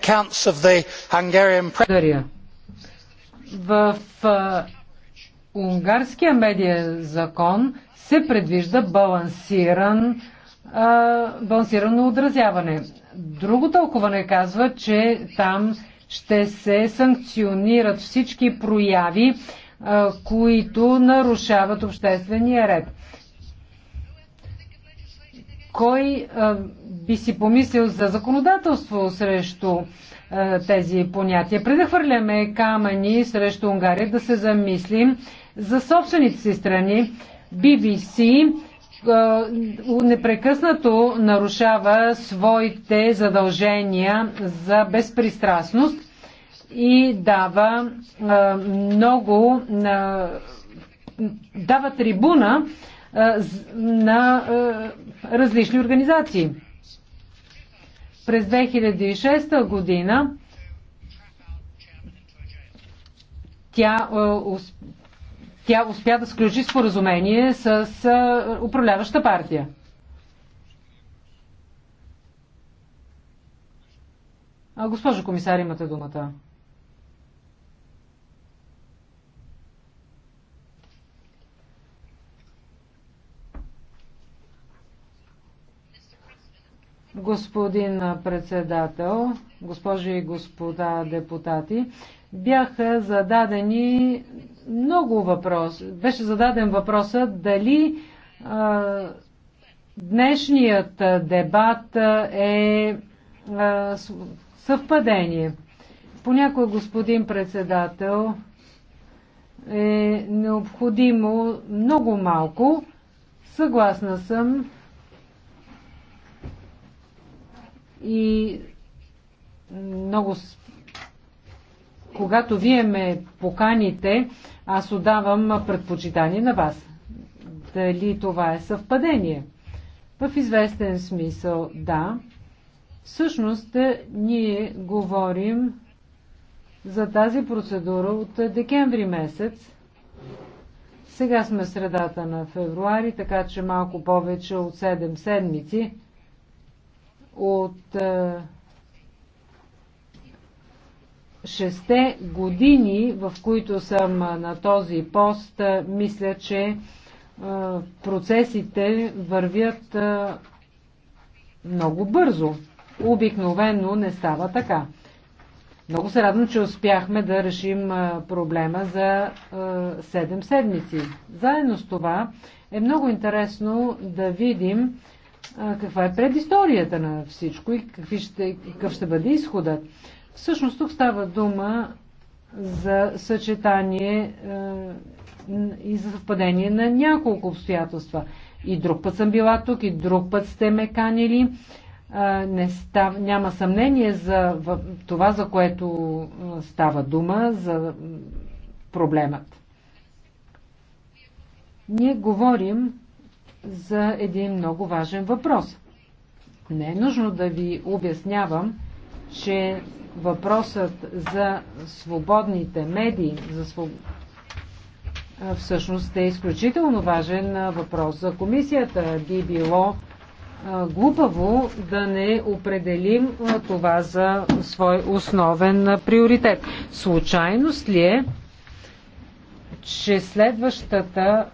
В унгарския медиен закон се предвижда балансиран, балансирано отразяване. Друго тълкуване казва, че там ще се санкционират всички прояви, които нарушават обществения ред. Кой би си помислил за законодателство срещу е, тези понятия. Преди да хвърляме камъни срещу Унгария, да се замислим за собствените си страни. BBC е, непрекъснато нарушава своите задължения за безпристрастност и дава е, много дава трибуна на различни организации. През 2006 година тя, е, тя успя да сключи споразумение с е, управляваща партия. Госпожо комисар, имате думата. господин председател, госпожи и господа депутати, бяха зададени много въпроси. Беше зададен въпросът дали а, днешният дебат е а, съвпадение. Понякога, господин председател, е необходимо много малко. Съгласна съм, и много когато вие ме поканите, аз отдавам предпочитание на вас. Дали това е съвпадение? В известен смисъл да. Всъщност, е, ние говорим за тази процедура от декември месец. Сега сме средата на февруари, така че малко повече от 7 седмици от е, шесте години, в които съм е, на този пост, е, мисля, че процесите вървят много бързо. Обикновено не става така. Много се радвам, че успяхме да решим проблема за 7 седмици. Заедно с това е много интересно да видим каква е предисторията на всичко и какви ще, какъв ще бъде изходът. Всъщност тук става дума за съчетание е, и за съвпадение на няколко обстоятелства. И друг път съм била тук, и друг път сте ме канили. Не став, няма съмнение за това, за което става дума, за проблемът. Ние говорим за един много важен въпрос. Не е нужно да ви обяснявам, че въпросът за свободните медии, за своб... всъщност е изключително важен въпрос за комисията. Би било глупаво да не определим това за свой основен приоритет. Случайност ли е, че следващата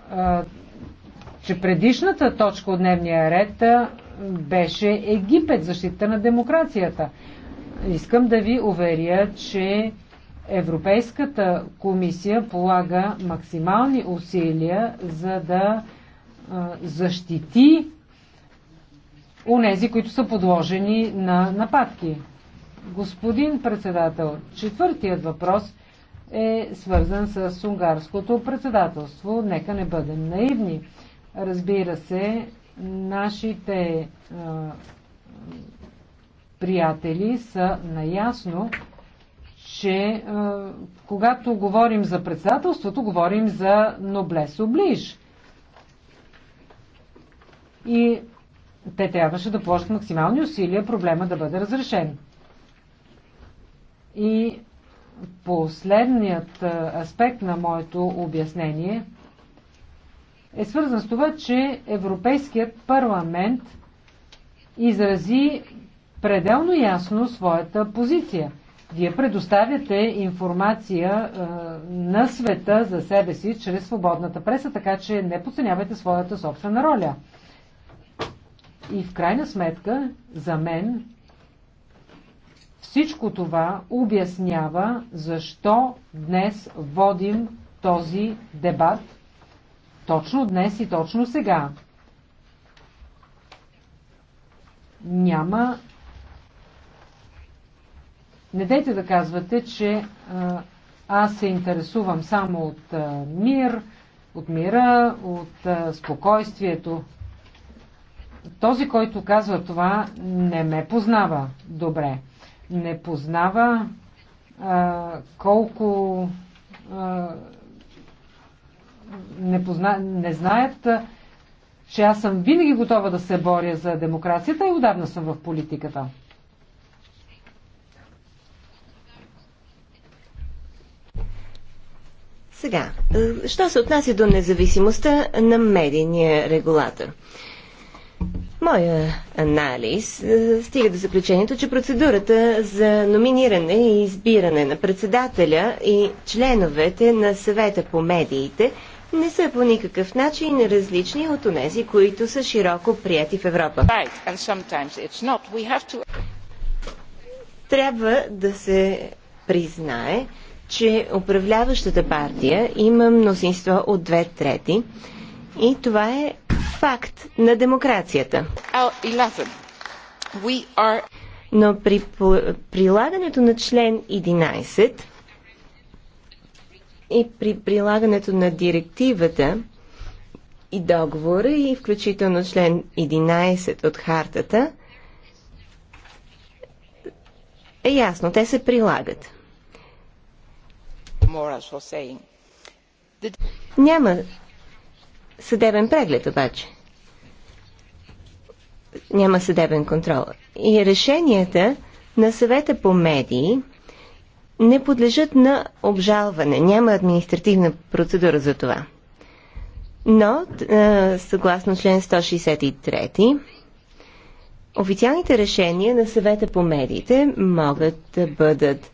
че предишната точка от дневния ред беше Египет, защита на демокрацията. Искам да ви уверя, че Европейската комисия полага максимални усилия, за да защити унези, които са подложени на нападки. Господин председател, четвъртият въпрос е свързан с унгарското председателство. Нека не бъдем наивни. Разбира се, нашите а, приятели са наясно, че а, когато говорим за председателството, говорим за ноблес оближ. И те трябваше да положат максимални усилия проблема да бъде разрешен. И последният аспект на моето обяснение – е свързан с това, че Европейският парламент изрази пределно ясно своята позиция. Вие предоставяте информация е, на света за себе си чрез свободната преса, така че не подценявайте своята собствена роля. И в крайна сметка, за мен, всичко това обяснява защо днес водим този дебат – точно днес и точно сега. Няма. Не дайте да казвате, че аз се интересувам само от мир, от мира, от спокойствието. Този, който казва това, не ме познава добре. Не познава а, колко а, не, позна, не знаят, че аз съм винаги готова да се боря за демокрацията и отдавна съм в политиката. Сега, е, що се отнася до независимостта на медийния регулатор? Моя анализ е, стига до заключението, че процедурата за номиниране и избиране на председателя и членовете на съвета по медиите – не са по никакъв начин различни от онези, които са широко прияти в Европа. Трябва да се признае, че управляващата партия има мнозинство от две трети и това е факт на демокрацията. Но при прилагането на член 11 и е при прилагането на директивата и договора и включително член 11 от хартата е ясно, те се прилагат. Няма съдебен преглед обаче. Няма съдебен контрол. И решенията на съвета по медии не подлежат на обжалване. Няма административна процедура за това. Но, е, съгласно член 163, официалните решения на съвета по медиите могат да бъдат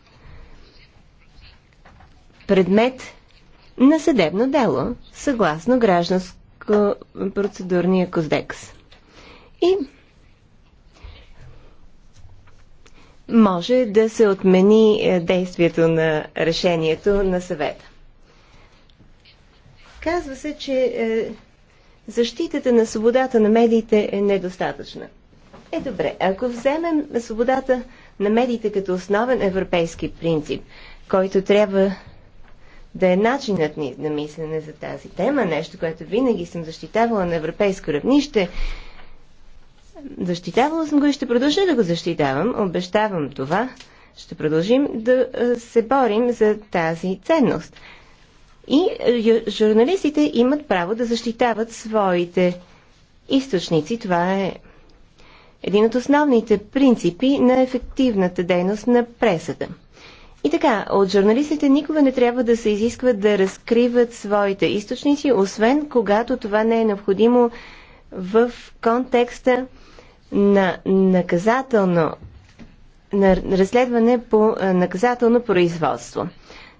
предмет на съдебно дело, съгласно гражданско процедурния кодекс. И може да се отмени е, действието на решението на съвета. Казва се, че е, защитата на свободата на медиите е недостатъчна. Е добре, ако вземем свободата на медиите като основен европейски принцип, който трябва да е начинът ни на мислене за тази тема, нещо, което винаги съм защитавала на европейско равнище, Защитавала съм го и ще продължа да го защитавам. Обещавам това. Ще продължим да се борим за тази ценност. И журналистите имат право да защитават своите източници. Това е един от основните принципи на ефективната дейност на пресата. И така, от журналистите никога не трябва да се изискват да разкриват своите източници, освен когато това не е необходимо в контекста на наказателно на разследване по наказателно производство.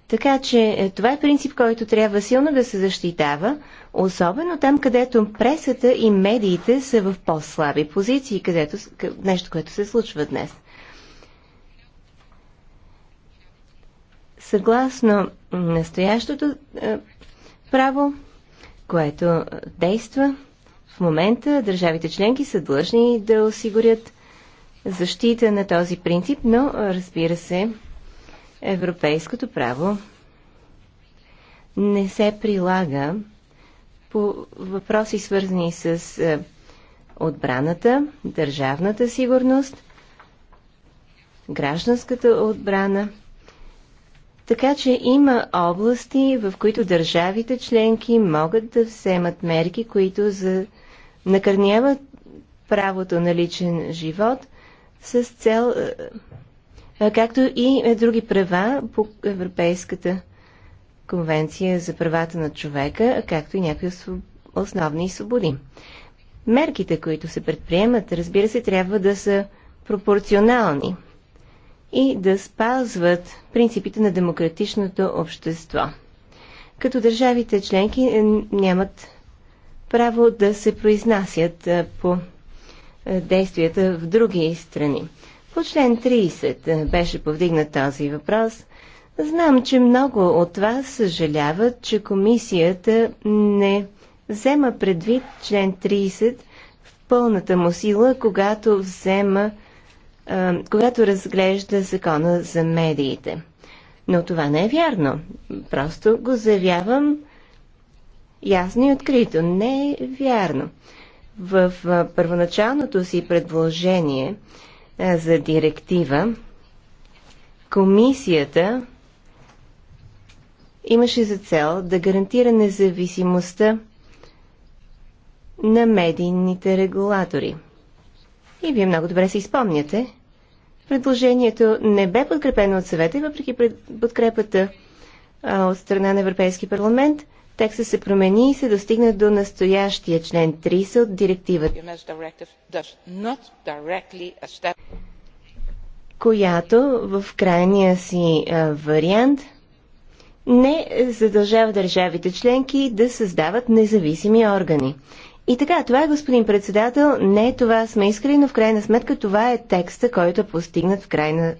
Така че е, това е принцип, който трябва силно да се защитава, особено там, където пресата и медиите са в по-слаби позиции, където нещо, което се случва днес. Съгласно настоящото е, право, което е, действа, в момента държавите членки са длъжни да осигурят защита на този принцип, но разбира се, европейското право не се прилага по въпроси свързани с е, отбраната, държавната сигурност, гражданската отбрана. Така че има области, в които държавите членки могат да вземат мерки, които за накърняват правото на личен живот с цел, е, е, както и е, други права по Европейската конвенция за правата на човека, както и някои основни свободи. Мерките, които се предприемат, разбира се, трябва да са пропорционални и да спазват принципите на демократичното общество. Като държавите членки нямат право да се произнасят по действията в други страни. По член 30 беше повдигнат този въпрос. Знам, че много от вас съжаляват, че комисията не взема предвид член 30 в пълната му сила, когато взема когато разглежда закона за медиите. Но това не е вярно. Просто го заявявам ясно и открито. Не е вярно. В първоначалното си предложение за директива, комисията имаше за цел да гарантира независимостта на медийните регулатори. И вие много добре си изпомняте, Предложението не бе подкрепено от съвета и въпреки подкрепата от страна на Европейски парламент – текста се промени и се достигна до настоящия член 30 от директивата, която в крайния си вариант не задължава държавите членки да създават независими органи. И така, това е, господин председател, не това сме искали, но в крайна сметка това е текста, който е постигнат в крайна,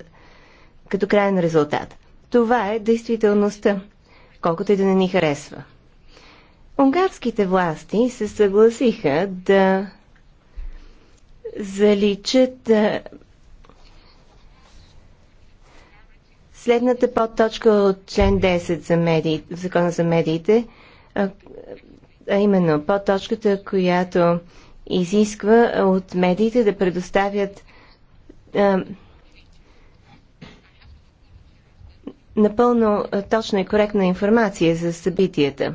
като крайен резултат. Това е действителността, колкото и да не ни харесва. Унгарските власти се съгласиха да заличат следната подточка от член 10 за медии, в Закона за медиите, а, а именно подточката, която изисква от медиите да предоставят а, напълно точна и коректна информация за събитията.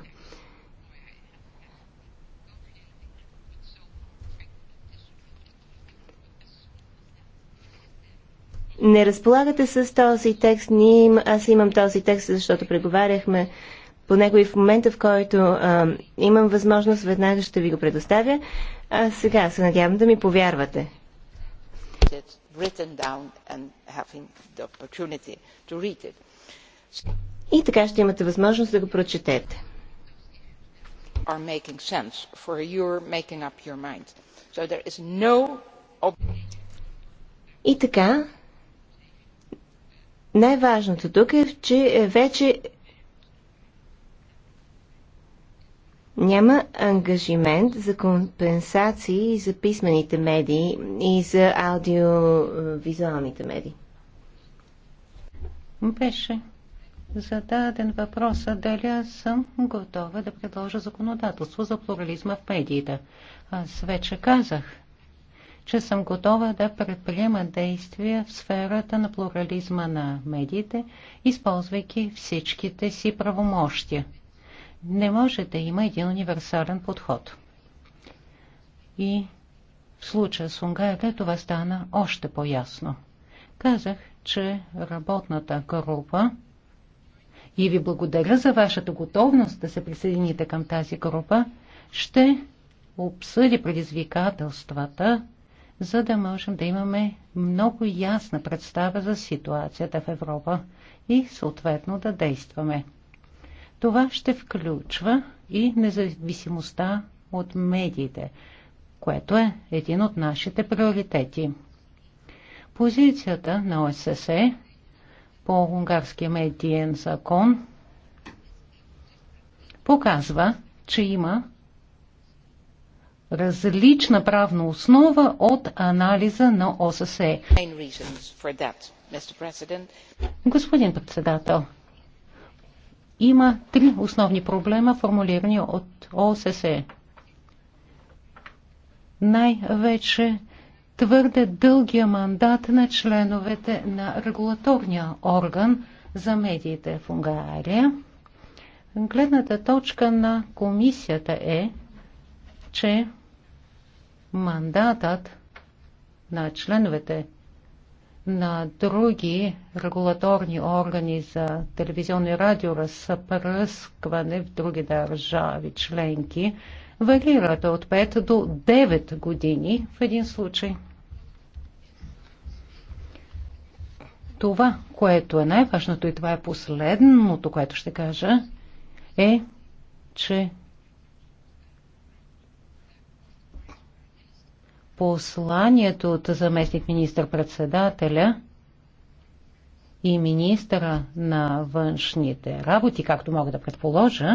не разполагате с този текст. Ние, им, аз имам този текст, защото преговаряхме по него и в момента, в който а, имам възможност, веднага ще ви го предоставя. А сега се надявам да ми повярвате. И така ще имате възможност да го прочетете. И така, най-важното тук е, че вече няма ангажимент за компенсации за писмените медии и за аудиовизуалните медии. Беше зададен въпроса дали аз съм готова да предложа законодателство за плурализма в медиите. Аз вече казах, че съм готова да предприема действия в сферата на плурализма на медиите, използвайки всичките си правомощия. Не може да има един универсален подход. И в случая с Унгария това стана още по-ясно. Казах, че работната група и ви благодаря за вашата готовност да се присъедините към тази група, ще обсъди предизвикателствата, за да можем да имаме много ясна представа за ситуацията в Европа и съответно да действаме. Това ще включва и независимостта от медиите, което е един от нашите приоритети. Позицията на ОССЕ по унгарския медиен закон показва, че има различна правна основа от анализа на ОССЕ. Господин председател, има три основни проблема, формулирани от ОССЕ. Най-вече твърде дългия мандат на членовете на регулаторния орган за медиите в Унгария. Гледната точка на комисията е, че мандатът на членовете на други регулаторни органи за телевизионно и радио разпръскване в други държави членки варират от 5 до 9 години в един случай. Това, което е най-важното и това е последното, което ще кажа, е, че посланието от заместник министър-председателя и министъра на външните работи, както мога да предположа,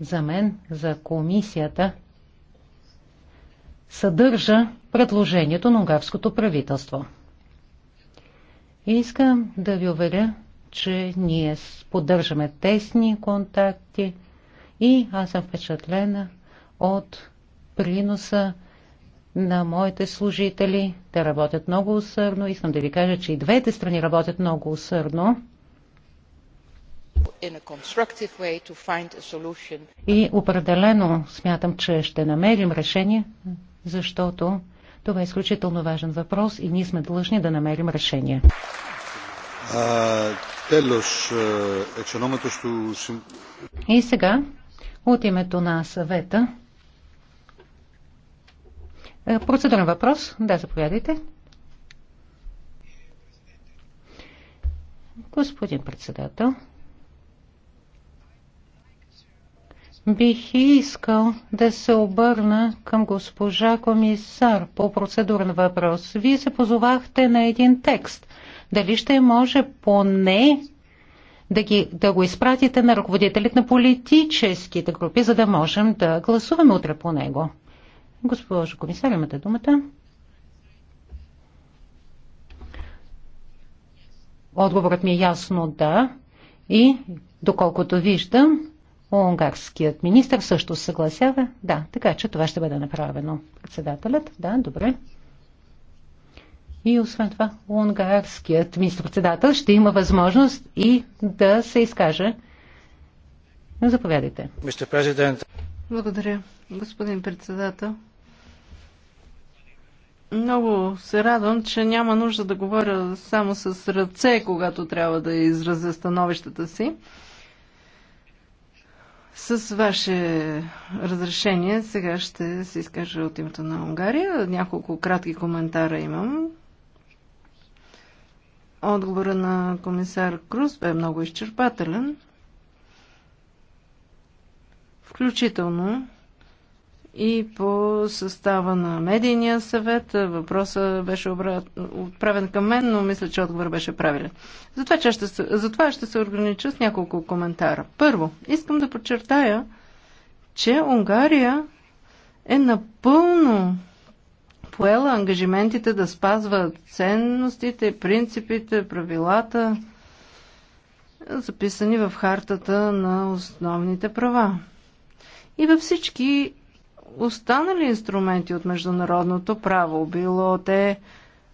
за мен, за комисията, съдържа предложението на унгарското правителство. Искам да ви уверя, че ние поддържаме тесни контакти – и аз съм впечатлена от приноса на моите служители. Те работят много усърдно. Искам да ви кажа, че и двете страни работят много усърдно. И определено смятам, че ще намерим решение, защото това е изключително важен въпрос и ние сме длъжни да намерим решение. Е, е, и сега от името на съвета. Е, процедурен въпрос. Да, заповядайте. Господин председател, бих искал да се обърна към госпожа комисар по процедурен въпрос. Вие се позовахте на един текст. Дали ще може поне да, ги, да го изпратите на ръководителят на политическите групи, за да можем да гласуваме утре по него. Госпожо комисар, имате думата. Отговорът ми е ясно да. И доколкото виждам, унгарският министр също съгласява. Да, така че това ще бъде направено. Председателят, да, добре. И освен това, унгарският министр-председател ще има възможност и да се изкаже. Заповядайте. Благодаря, господин председател. Много се радвам, че няма нужда да говоря само с ръце, когато трябва да изразя становищата си. С ваше разрешение сега ще се изкажа от името на Унгария. Няколко кратки коментара имам. Отговора на комисар Круз бе много изчерпателен, включително и по състава на медийния съвет. Въпроса беше отправен към мен, но мисля, че отговор беше правилен. Затова, ще се, затова ще се огранича с няколко коментара. Първо, искам да подчертая, че Унгария е напълно поела ангажиментите да спазва ценностите, принципите, правилата, записани в хартата на основните права. И във всички останали инструменти от международното право, било те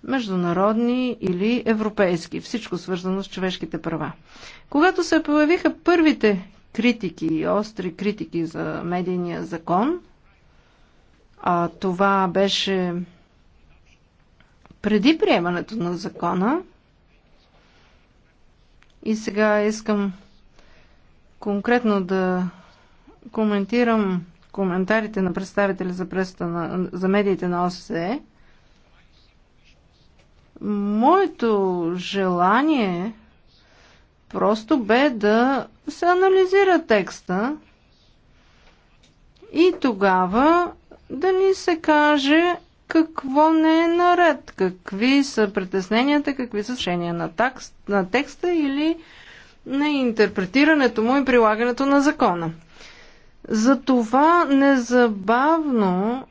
международни или европейски, всичко свързано с човешките права. Когато се появиха първите критики и остри критики за медийния закон – а, това беше преди приемането на закона. И сега искам конкретно да коментирам коментарите на представители за, преста на, за медиите на ОССЕ. Моето желание просто бе да се анализира текста и тогава да ни се каже какво не е наред, какви са притесненията, какви са решения на, на текста или на интерпретирането му и прилагането на закона. Затова незабавно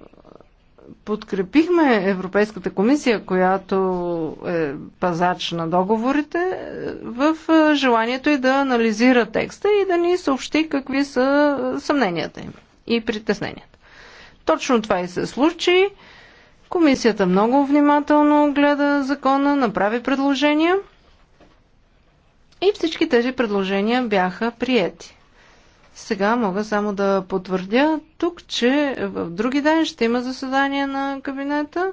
подкрепихме Европейската комисия, която е пазач на договорите, в е, желанието и да анализира текста и да ни съобщи какви са е, съмненията им и притесненията. Точно това и се случи. Комисията много внимателно гледа закона, направи предложения и всички тези предложения бяха приети. Сега мога само да потвърдя тук, че в други ден ще има заседание на кабинета,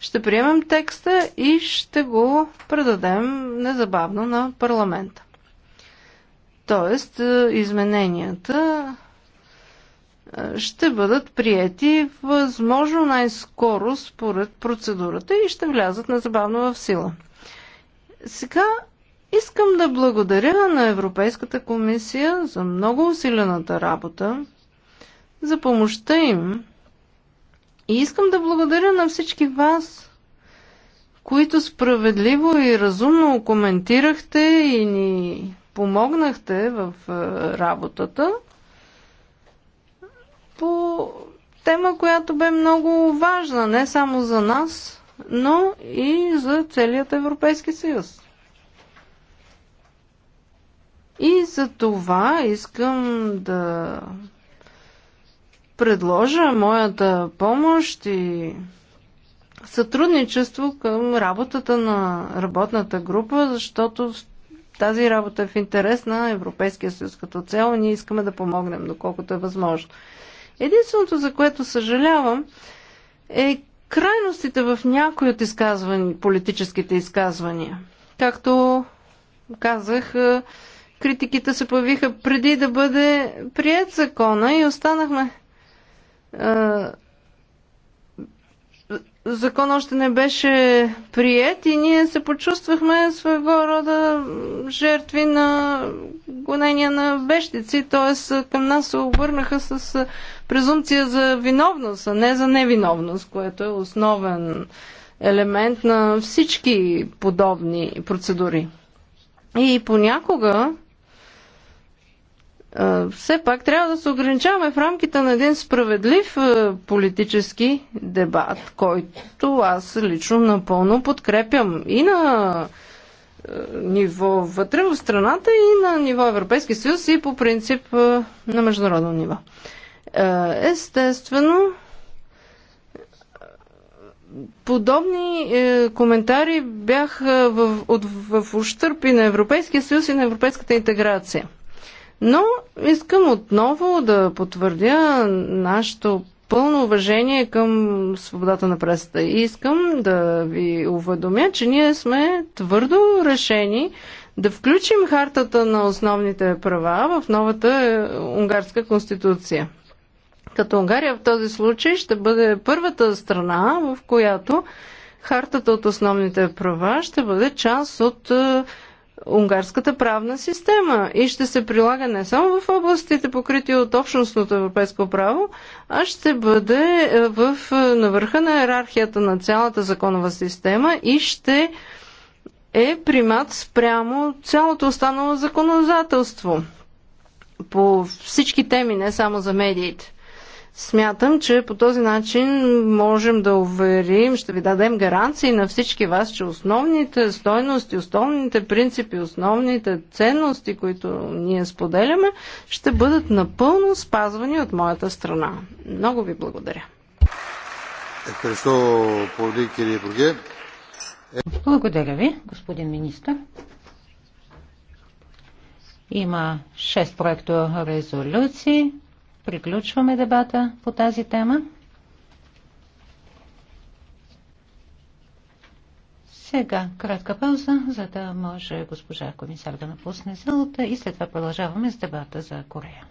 ще приемем текста и ще го предадем незабавно на парламента. Тоест, е, измененията ще бъдат приети възможно най-скоро според процедурата и ще влязат незабавно в сила. Сега искам да благодаря на Европейската комисия за много усилената работа, за помощта им и искам да благодаря на всички вас, които справедливо и разумно коментирахте и ни помогнахте в е, работата – по тема, която бе много важна не само за нас, но и за целият Европейски съюз. И за това искам да предложа моята помощ и сътрудничество към работата на работната група, защото тази работа е в интерес на Европейския съюз като цяло. Ние искаме да помогнем, доколкото е възможно. Единственото, за което съжалявам, е крайностите в някои от изказвани, политическите изказвания. Както казах, е, критиките се появиха преди да бъде прият закона и останахме е, закон още не беше прият и ние се почувствахме своего рода жертви на гонения на вещици, т.е. към нас се обърнаха с презумпция за виновност, а не за невиновност, което е основен елемент на всички подобни процедури. И понякога все пак трябва да се ограничаваме в рамките на един справедлив политически дебат, който аз лично напълно подкрепям и на ниво вътре в страната и на ниво Европейски съюз и по принцип на международно ниво. Естествено, подобни е, коментари бяха в, в, в ущърпи на Европейския съюз и на европейската интеграция – но искам отново да потвърдя нашето пълно уважение към свободата на пресата. И искам да ви уведомя, че ние сме твърдо решени да включим хартата на основните права в новата е, унгарска конституция. Като Унгария в този случай ще бъде първата страна, в която хартата от основните права ще бъде част от е, унгарската правна система и ще се прилага не само в областите покрити от общностното европейско право, а ще бъде е, в, е, на върха на иерархията на цялата законова система и ще е примат спрямо цялото останало законодателство по всички теми, не само за медиите. Смятам, че по този начин можем да уверим, ще ви дадем гаранции на всички вас, че основните стойности, основните принципи, основните ценности, които ние споделяме, ще бъдат напълно спазвани от моята страна. Много ви благодаря. Благодаря ви, господин министр. Има 6 проекта резолюции приключваме дебата по тази тема. Сега кратка пауза, за да може госпожа комисар да напусне залата и след това продължаваме с дебата за Корея.